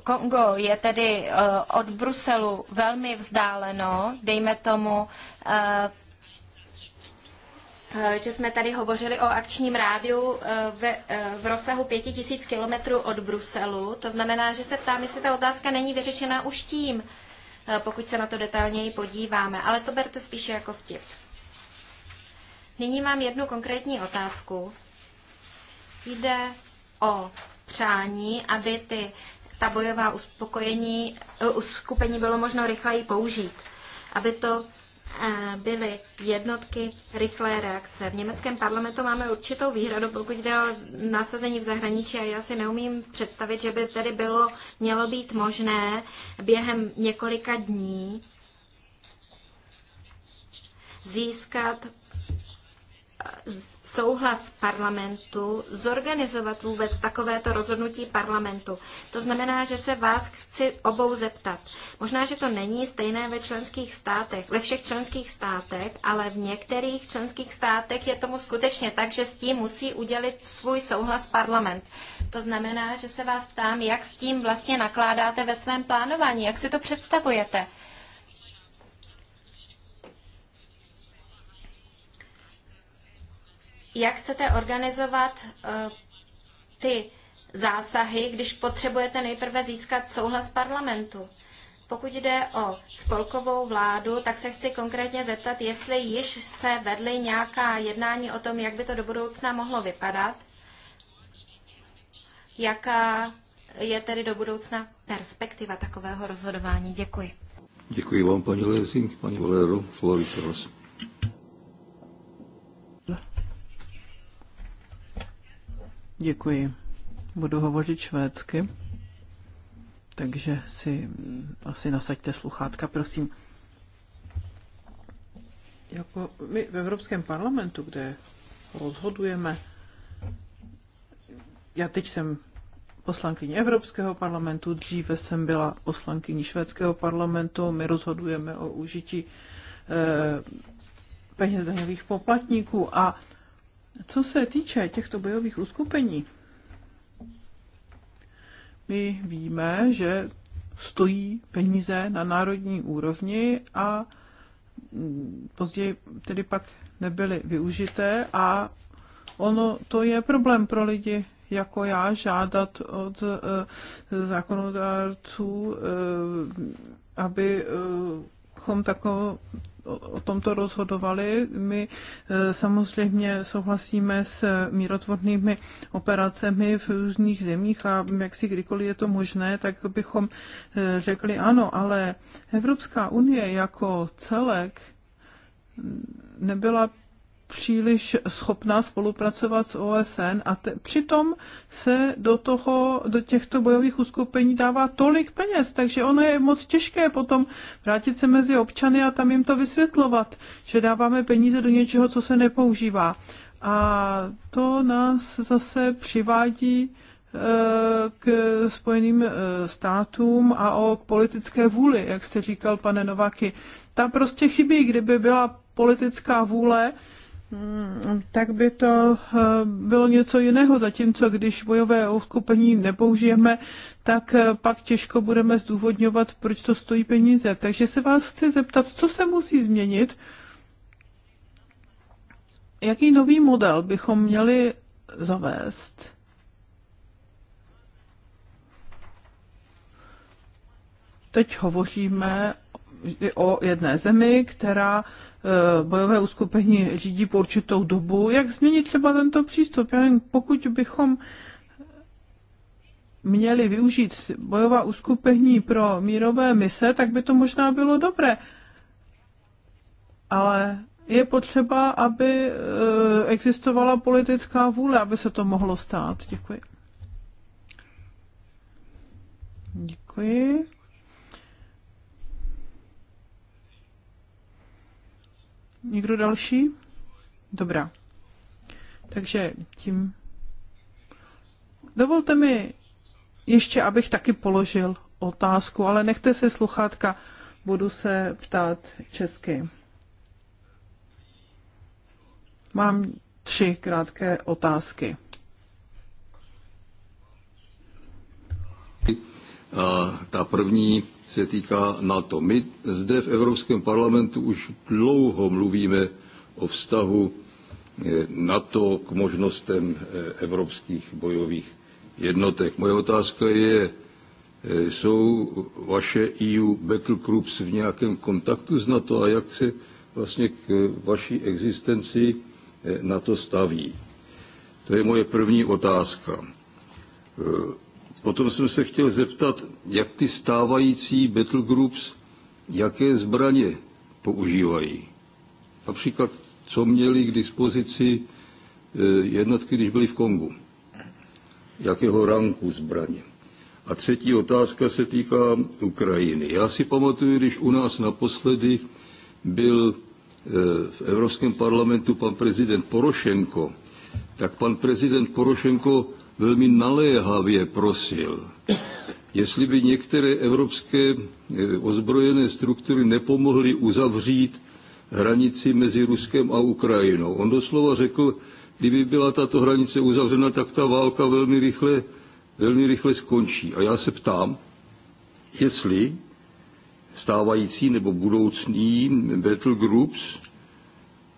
Kongo je tedy od Bruselu velmi vzdáleno, dejme tomu, že jsme tady hovořili o akčním rádiu v, rozsahu rozsahu 5000 kilometrů od Bruselu. To znamená, že se ptám, jestli ta otázka není vyřešena už tím, Eh, pokud se na to detailněji podíváme, ale to berte spíše jako vtip. Nyní mám jednu konkrétní otázku. Jde o přání, aby ty, ta bojová uspokojení, eh, uskupení bylo možno rychleji použít, aby to byly jednotky rychlé reakce. V německém parlamentu máme určitou výhradu, pokud jde o nasazení v zahraničí a já si neumím představit, že by tedy bylo, mělo být možné během několika dní získat souhlas parlamentu zorganizovat vůbec takovéto rozhodnutí parlamentu. To znamená, že se vás chci obou zeptat. Možná, že to není stejné ve členských státech, ve všech členských státech, ale v některých členských státech je tomu skutečně tak, že s tím musí udělit svůj souhlas parlament. To znamená, že se vás ptám, jak s tím vlastně nakládáte ve svém plánování, jak si to představujete. jak chcete organizovat eh, ty zásahy, když potřebujete nejprve získat souhlas parlamentu. Pokud jde o spolkovou vládu, tak se chci konkrétně zeptat, jestli již se vedly nějaká jednání o tom, jak by to do budoucna mohlo vypadat, jaká je tedy do budoucna perspektiva takového rozhodování. Děkuji. Děkuji vám, paní Lezing, paní Valero, Floričovas. Děkuji. Budu hovořit švédsky, takže si mm, asi nasaďte sluchátka, prosím. Jako my v Evropském parlamentu, kde rozhodujeme, já teď jsem poslankyní Evropského parlamentu, dříve jsem byla poslankyní švédského parlamentu, my rozhodujeme o užití eh, peněz daňových poplatníků a co se týče těchto bojových uskupení, my víme, že stojí peníze na národní úrovni a mm, později tedy pak nebyly využité a ono to je problém pro lidi jako já žádat od e, zákonodárců, e, aby abychom e, o tomto rozhodovali. My e, samozřejmě souhlasíme s mírotvornými operacemi v různých zemích a jak si kdykoliv je to možné, tak bychom e, řekli ano, ale Evropská unie jako celek nebyla příliš schopná spolupracovat s OSN a te, přitom se do, toho, do těchto bojových uskupení dává tolik peněz, takže ono je moc těžké potom vrátit se mezi občany a tam jim to vysvětlovat, že dáváme peníze do něčeho, co se nepoužívá. A to nás zase přivádí e, k Spojeným e, státům a o politické vůli, jak jste říkal, pane Novaky. Ta prostě chybí, kdyby byla politická vůle, Hmm, tak by to eh, bylo něco jiného. Zatímco když bojové uskupení nepoužijeme, tak eh, pak těžko budeme zdůvodňovat, proč to stojí peníze. Takže se vás chci zeptat, co se musí změnit, jaký nový model bychom měli zavést? Teď hovoříme o jedné zemi, která Eh, bojové uskupení řídí po určitou dobu. Jak změnit třeba tento přístup? Já nevím, pokud bychom měli využít bojová uskupení pro mírové mise, tak by to možná bylo dobré. Ale je potřeba, aby eh, existovala politická vůle, aby se to mohlo stát. Děkuji. Děkuji. Někdo další? Dobrá. Takže tím... Dovolte mi ještě, abych taky položil otázku, ale nechte si sluchátka, budu se ptát česky. Mám tři krátké otázky. ta první se týká NATO. My zde v Evropském parlamentu už dlouho mluvíme o vztahu eh, NATO k možnostem eh, evropských bojových jednotek. Moje otázka je, eh, jsou vaše EU battle groups v nějakém kontaktu s NATO a jak se vlastně k vaší existenci NATO staví? To je moje první otázka. Potom jsem se chtěl zeptat, jak ty stávající groups, jaké zbraně používají. Například, co měli k dispozici e, jednotky, když byli v Kongu. Jakého ranku zbraně. A třetí otázka se týká Ukrajiny. Já si pamatuju, když u nás naposledy byl e, v Evropském parlamentu pan prezident Porošenko, tak pan prezident Porošenko velmi naléhavě prosil, jestli by některé evropské eh, ozbrojené struktury nepomohly uzavřít hranici mezi Ruskem a Ukrajinou. On doslova řekl, kdyby byla tato hranice uzavřena, tak ta válka velmi rychle, velmi rychle skončí. A já se ptám, jestli stávající nebo budoucí battle groups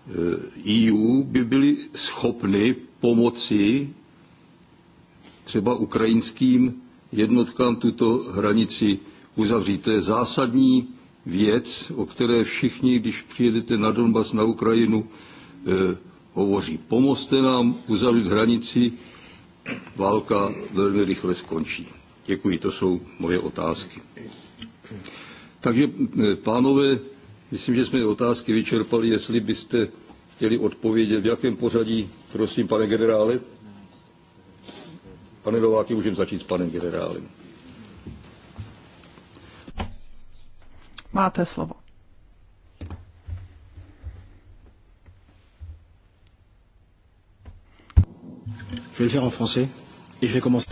EU eh, e by byly schopny pomoci třeba ukrajinským jednotkám tuto hranici uzavřít. To je zásadní věc, o které všichni, když přijedete na Donbas na Ukrajinu, eh, hovoří. Pomozte nám uzavřít hranici, válka velmi rychle skončí. Děkuji, to jsou moje otázky. Takže, eh, pánové, myslím, že jsme otázky vyčerpali. Jestli byste chtěli odpovědět, v jakém pořadí, prosím, pane generále. Pane Dováky, můžeme začít s panem generálem. Máte slovo.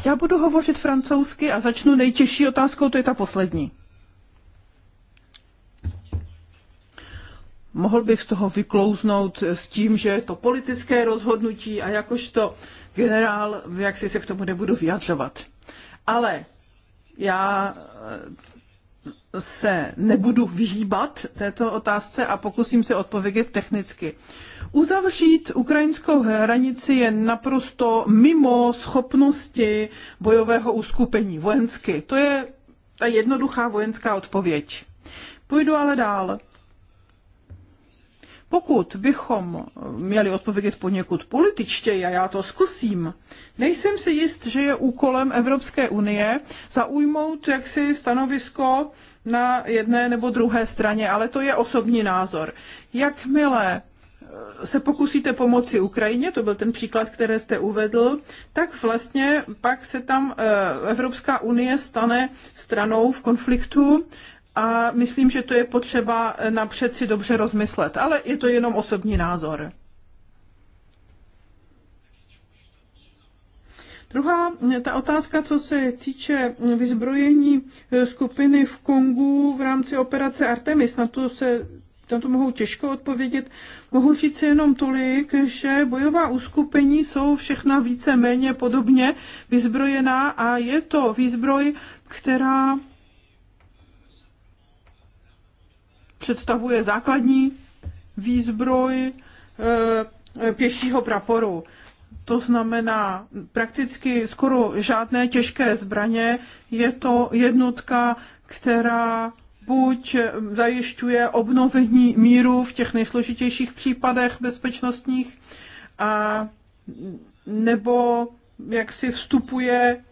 Já budu hovořit francouzsky a začnu nejtěžší otázkou, to je ta poslední. Mohl bych z toho vyklouznout s tím, že je to politické rozhodnutí a jakožto uh, generál, jak si se k tomu nebudu vyjadřovat. Ale já eh, se nebudu vyhýbat této otázce a pokusím se odpovědět technicky. Uzavřít ukrajinskou hranici je naprosto mimo schopnosti bojového uskupení vojensky. To je ta jednoduchá vojenská odpověď. Půjdu ale dál. Pokud bychom měli odpovědět poněkud političtěji, a já to zkusím, nejsem si jist, že je úkolem Evropské unie zaujmout jaksi stanovisko na jedné nebo druhé straně, ale to je osobní názor. Jakmile eh, se pokusíte pomoci Ukrajině, to byl ten příklad, který jste uvedl, tak vlastně pak se tam eh, Evropská unie stane stranou v konfliktu a myslím, že to je potřeba napřed si dobře rozmyslet, ale je to jenom osobní názor. Druhá ta otázka, co se týče vyzbrojení eh, skupiny v Kongu v rámci operace Artemis, na to se na to mohou těžko odpovědět. Mohu říct si jenom tolik, že bojová uskupení jsou všechna více méně podobně vyzbrojená a je to výzbroj, která představuje základní výzbroj eh, pěšího praporu. To znamená prakticky skoro žádné těžké zbraně. Je to jednotka, která buď zajišťuje obnovení míru v těch nejsložitějších případech bezpečnostních, a nebo jak si vstupuje e,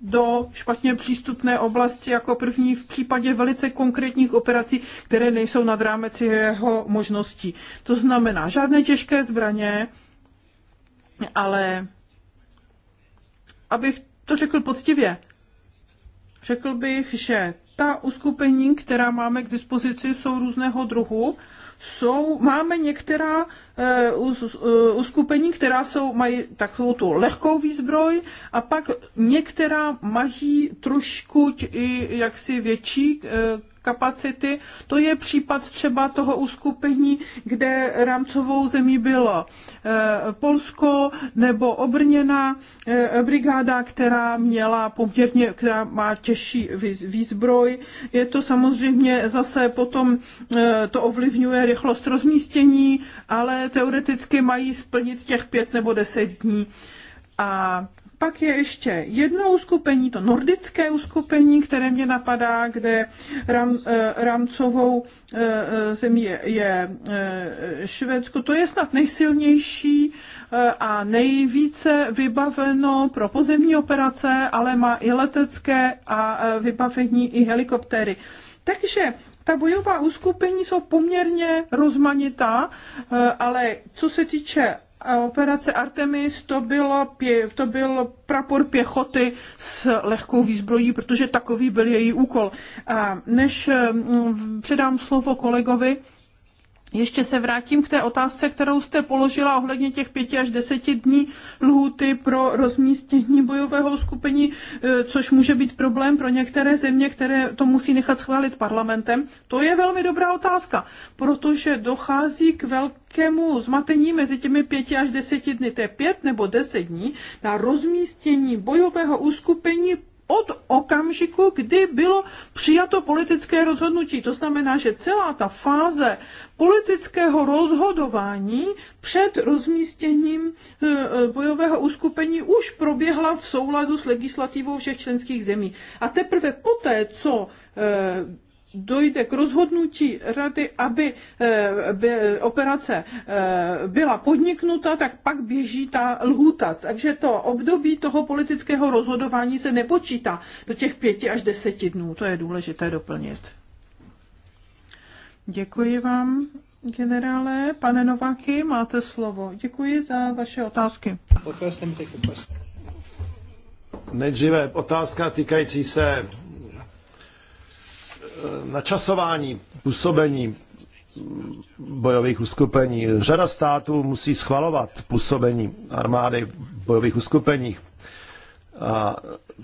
do špatně přístupné oblasti jako první v případě velice konkrétních operací, které nejsou nad rámec jeho možností. To znamená žádné těžké zbraně, ale abych to řekl poctivě, řekl bych, že ta uskupení, která máme k dispozici, jsou různého druhu. Jsou, máme některá eh, eh, uskupení, která jsou, mají takovou tu lehkou výzbroj a pak některá mají trošku i jaksi větší eh, kapacity. To je případ třeba toho uskupení, kde rámcovou zemí bylo eh, Polsko nebo obrněná eh, brigáda, která měla poměrně, která má těžší výzbroj. Je to samozřejmě zase potom, eh, to ovlivňuje rychlost rozmístění, ale teoreticky mají splnit těch pět nebo deset dní. A pak je ještě jedno uskupení, to nordické uskupení, které mě napadá, kde ram, eh, rámcovou eh, eh, zemí je, je Švédsko. To je snad nejsilnější a nejvíce vybaveno pro pozemní operace, ale má i letecké a vybavení i helikoptéry. Takže ta bojová uskupení jsou poměrně rozmanitá, ale co se týče a operace Artemis to, bylo pě, to byl prapor pěchoty s lehkou výzbrojí, protože takový byl její úkol. A než mm, předám slovo kolegovi, ještě se vrátím k té otázce, kterou jste položila ohledně těch pěti až deseti dní lhuty pro rozmístění bojového skupení, e, což může být problém pro některé země, které to musí nechat schválit parlamentem. To je velmi dobrá otázka, protože dochází k velkému zmatení mezi těmi pěti až deseti dny. To je pět nebo deset dní na rozmístění bojového uskupení od okamžiku, kdy bylo přijato politické rozhodnutí. To znamená, že celá ta fáze politického rozhodování před rozmístěním eh, eh, bojového uskupení už proběhla v souladu s legislativou všech členských zemí. A teprve poté, co eh, dojde k rozhodnutí rady, aby operace byla podniknuta, tak pak běží ta lhůta. Takže to období toho politického rozhodování se nepočítá do těch pěti až deseti dnů. To je důležité doplnit. Děkuji vám, generále. Pane Nováky, máte slovo. Děkuji za vaše otázky. Nejdříve otázka týkající se eh, načasování, působení bojových uskupení. Řada států musí schvalovat působení armády v bojových uskupeních. A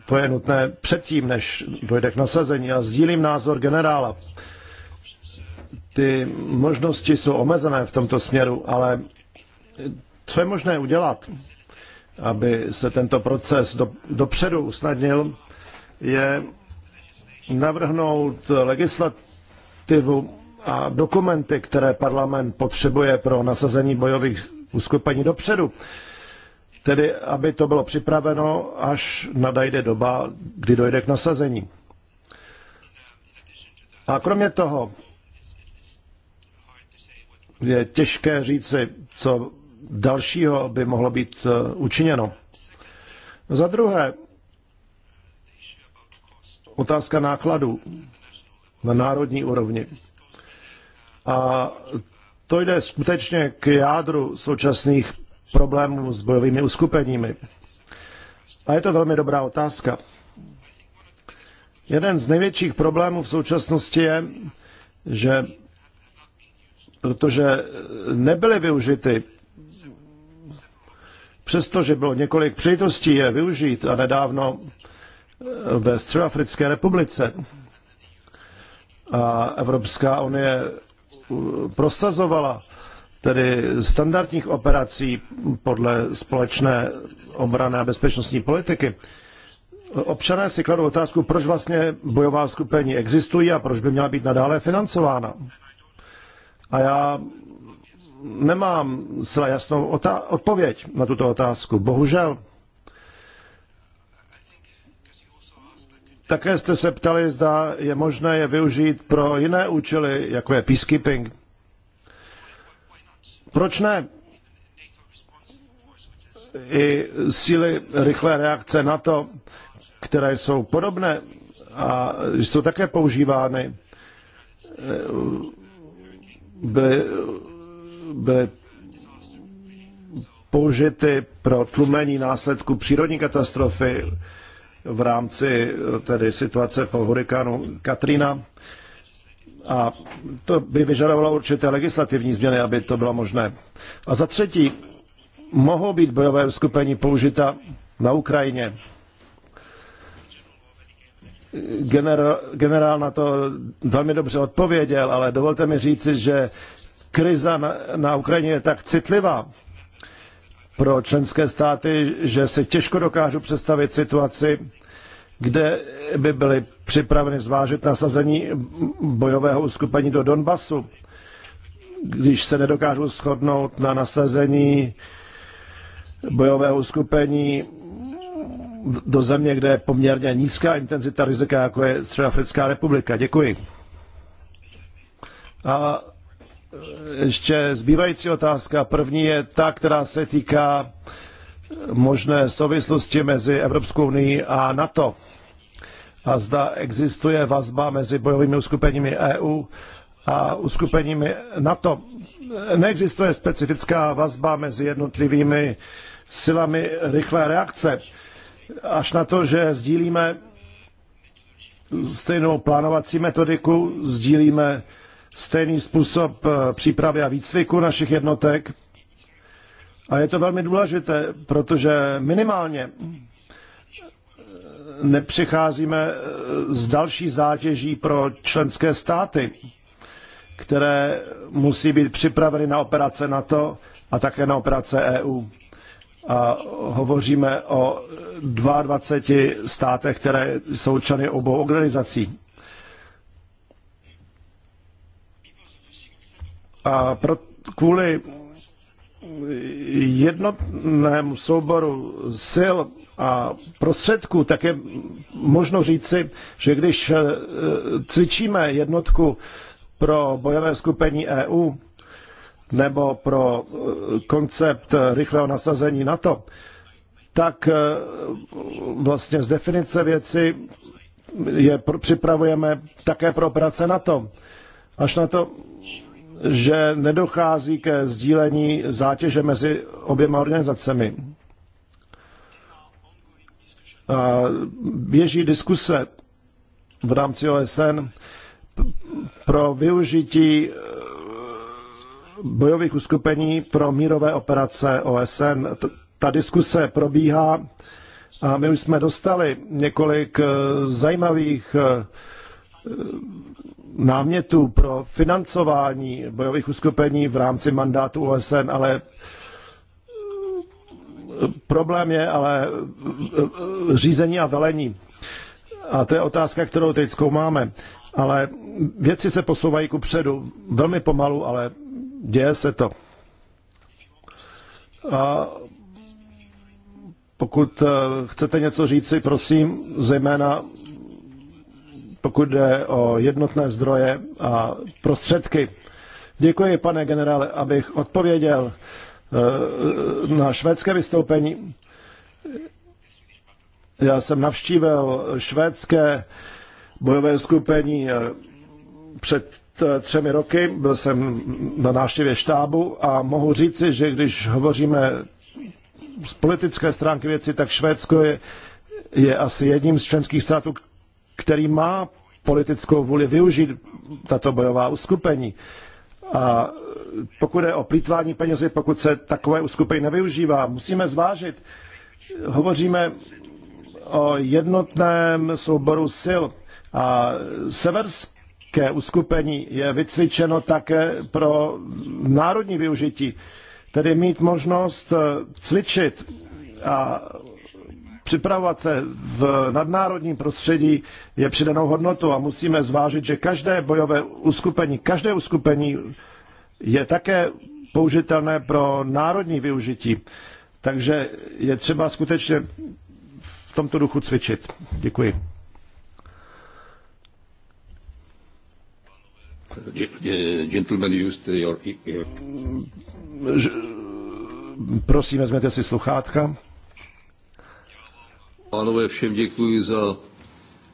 to je nutné předtím, než dojde k nasazení. A sdílím názor generála ty možnosti jsou omezené v tomto směru, ale co je možné udělat, aby se tento proces do, dopředu usnadnil, je navrhnout legislativu a dokumenty, které parlament potřebuje pro nasazení bojových uskupení dopředu. Tedy, aby to bylo připraveno, až nadajde doba, kdy dojde k nasazení. A kromě toho, je těžké říci, co dalšího by mohlo být eh, učiněno. Za druhé, otázka nákladů na národní úrovni. A to jde skutečně k jádru současných problémů s bojovými uskupeními. A je to velmi dobrá otázka. Jeden z největších problémů v současnosti je, že protože nebyly využity. Přestože bylo několik přejitostí je využít a nedávno eh, ve Středoafrické republice a Evropská unie eh, prosazovala tedy standardních operací podle společné obrané a bezpečnostní politiky. Občané si kladou otázku, proč vlastně bojová skupení existují a proč by měla být nadále financována. A já nemám zcela jasnou odpověď na tuto otázku. Bohužel. Také jste se ptali, zda je možné je využít pro jiné účely, jako je peacekeeping. Proč ne? I síly rychlé reakce na to, které jsou podobné a jsou také používány byly, byly použity pro tlumení následku přírodní katastrofy v rámci tedy situace po hurikánu Katrina. A to by vyžadovalo určité legislativní změny, aby to bylo možné. A za třetí, mohou být bojové skupení použita na Ukrajině generál, generál na to velmi dobře odpověděl, ale dovolte mi říci, že kriza na, na Ukrajině je tak citlivá pro členské státy, že se těžko dokážu představit situaci, kde by byly připraveny zvážit nasazení bojového uskupení do Donbasu, když se nedokážu shodnout na nasazení bojového uskupení do země, kde je poměrně nízká intenzita rizika, jako je Středoafrická republika. Děkuji. A e, ještě zbývající otázka. První je ta, která se týká možné souvislosti mezi Evropskou unii a NATO. A zda existuje vazba mezi bojovými uskupeními EU a uskupeními NATO. Neexistuje specifická vazba mezi jednotlivými silami rychlé reakce až na to, že sdílíme stejnou plánovací metodiku, sdílíme stejný způsob eh, přípravy a výcviku našich jednotek. A je to velmi důležité, protože minimálně eh, nepřicházíme s eh, další zátěží pro členské státy, které musí být připraveny na operace NATO a také na operace EU a hovoříme o 22 státech, které jsou členy obou organizací. A pro, kvůli jednotnému souboru sil a prostředků, tak je možno říci, že když eh, cvičíme jednotku pro bojové skupení EU, nebo pro eh, koncept rychlého nasazení NATO, tak eh, vlastně z definice věci je připravujeme také pro operace NATO. Až na to, že nedochází ke sdílení zátěže mezi oběma organizacemi. A běží diskuse v rámci OSN pro využití bojových uskupení pro mírové operace OSN. Ta diskuse probíhá a my už jsme dostali několik eh, zajímavých eh, námětů pro financování bojových uskupení v rámci mandátu OSN, ale eh, problém je ale řízení a velení. A to je otázka, kterou teď zkoumáme. Ale věci se posouvají ku předu velmi pomalu, ale děje se to. A pokud eh, chcete něco říci, prosím, zejména pokud jde o jednotné zdroje a prostředky. Děkuji, pane generále, abych odpověděl eh, na švédské vystoupení. Já jsem navštívil švédské bojové skupení eh, před Eh, třemi roky, byl jsem na návštěvě štábu a mohu říci, že když hovoříme z politické stránky věci, tak Švédsko je, je asi jedním z členských států, který má politickou vůli využít tato bojová uskupení. A pokud je o plítvání penězi, pokud se takové uskupení nevyužívá, musíme zvážit. Hovoříme o jednotném souboru sil a Seversk ke uskupení je vycvičeno také pro národní využití. Tedy mít možnost eh, cvičit a připravovat se v nadnárodním prostředí je přidanou hodnotou a musíme zvážit, že každé bojové uskupení, každé uskupení je také použitelné pro národní využití. Takže je třeba skutečně v tomto duchu cvičit. Děkuji. Gentlemen, used your... E-, prosím, vezměte si sluchátka. Pánové, všem děkuji za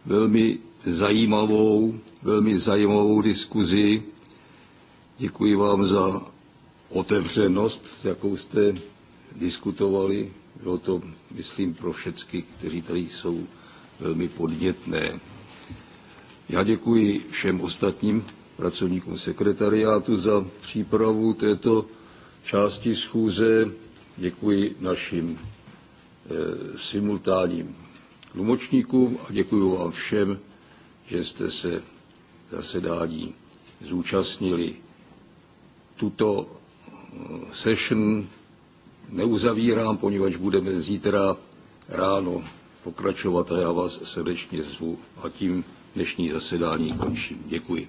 velmi zajímavou, velmi zajímavou diskuzi. Děkuji vám za otevřenost, jakou jste diskutovali. Bylo to, myslím, pro všechny, kteří tady jsou, velmi podnětné. Já děkuji všem ostatním pracovníkům sekretariátu za přípravu této části schůze. Děkuji našim e, simultánním tlumočníkům a děkuji vám všem, že jste se zasedání zúčastnili. Tuto eh, session neuzavírám, poněvadž budeme zítra ráno pokračovat a já vás srdečně zvu a tím dnešní zasedání končím. Děkuji.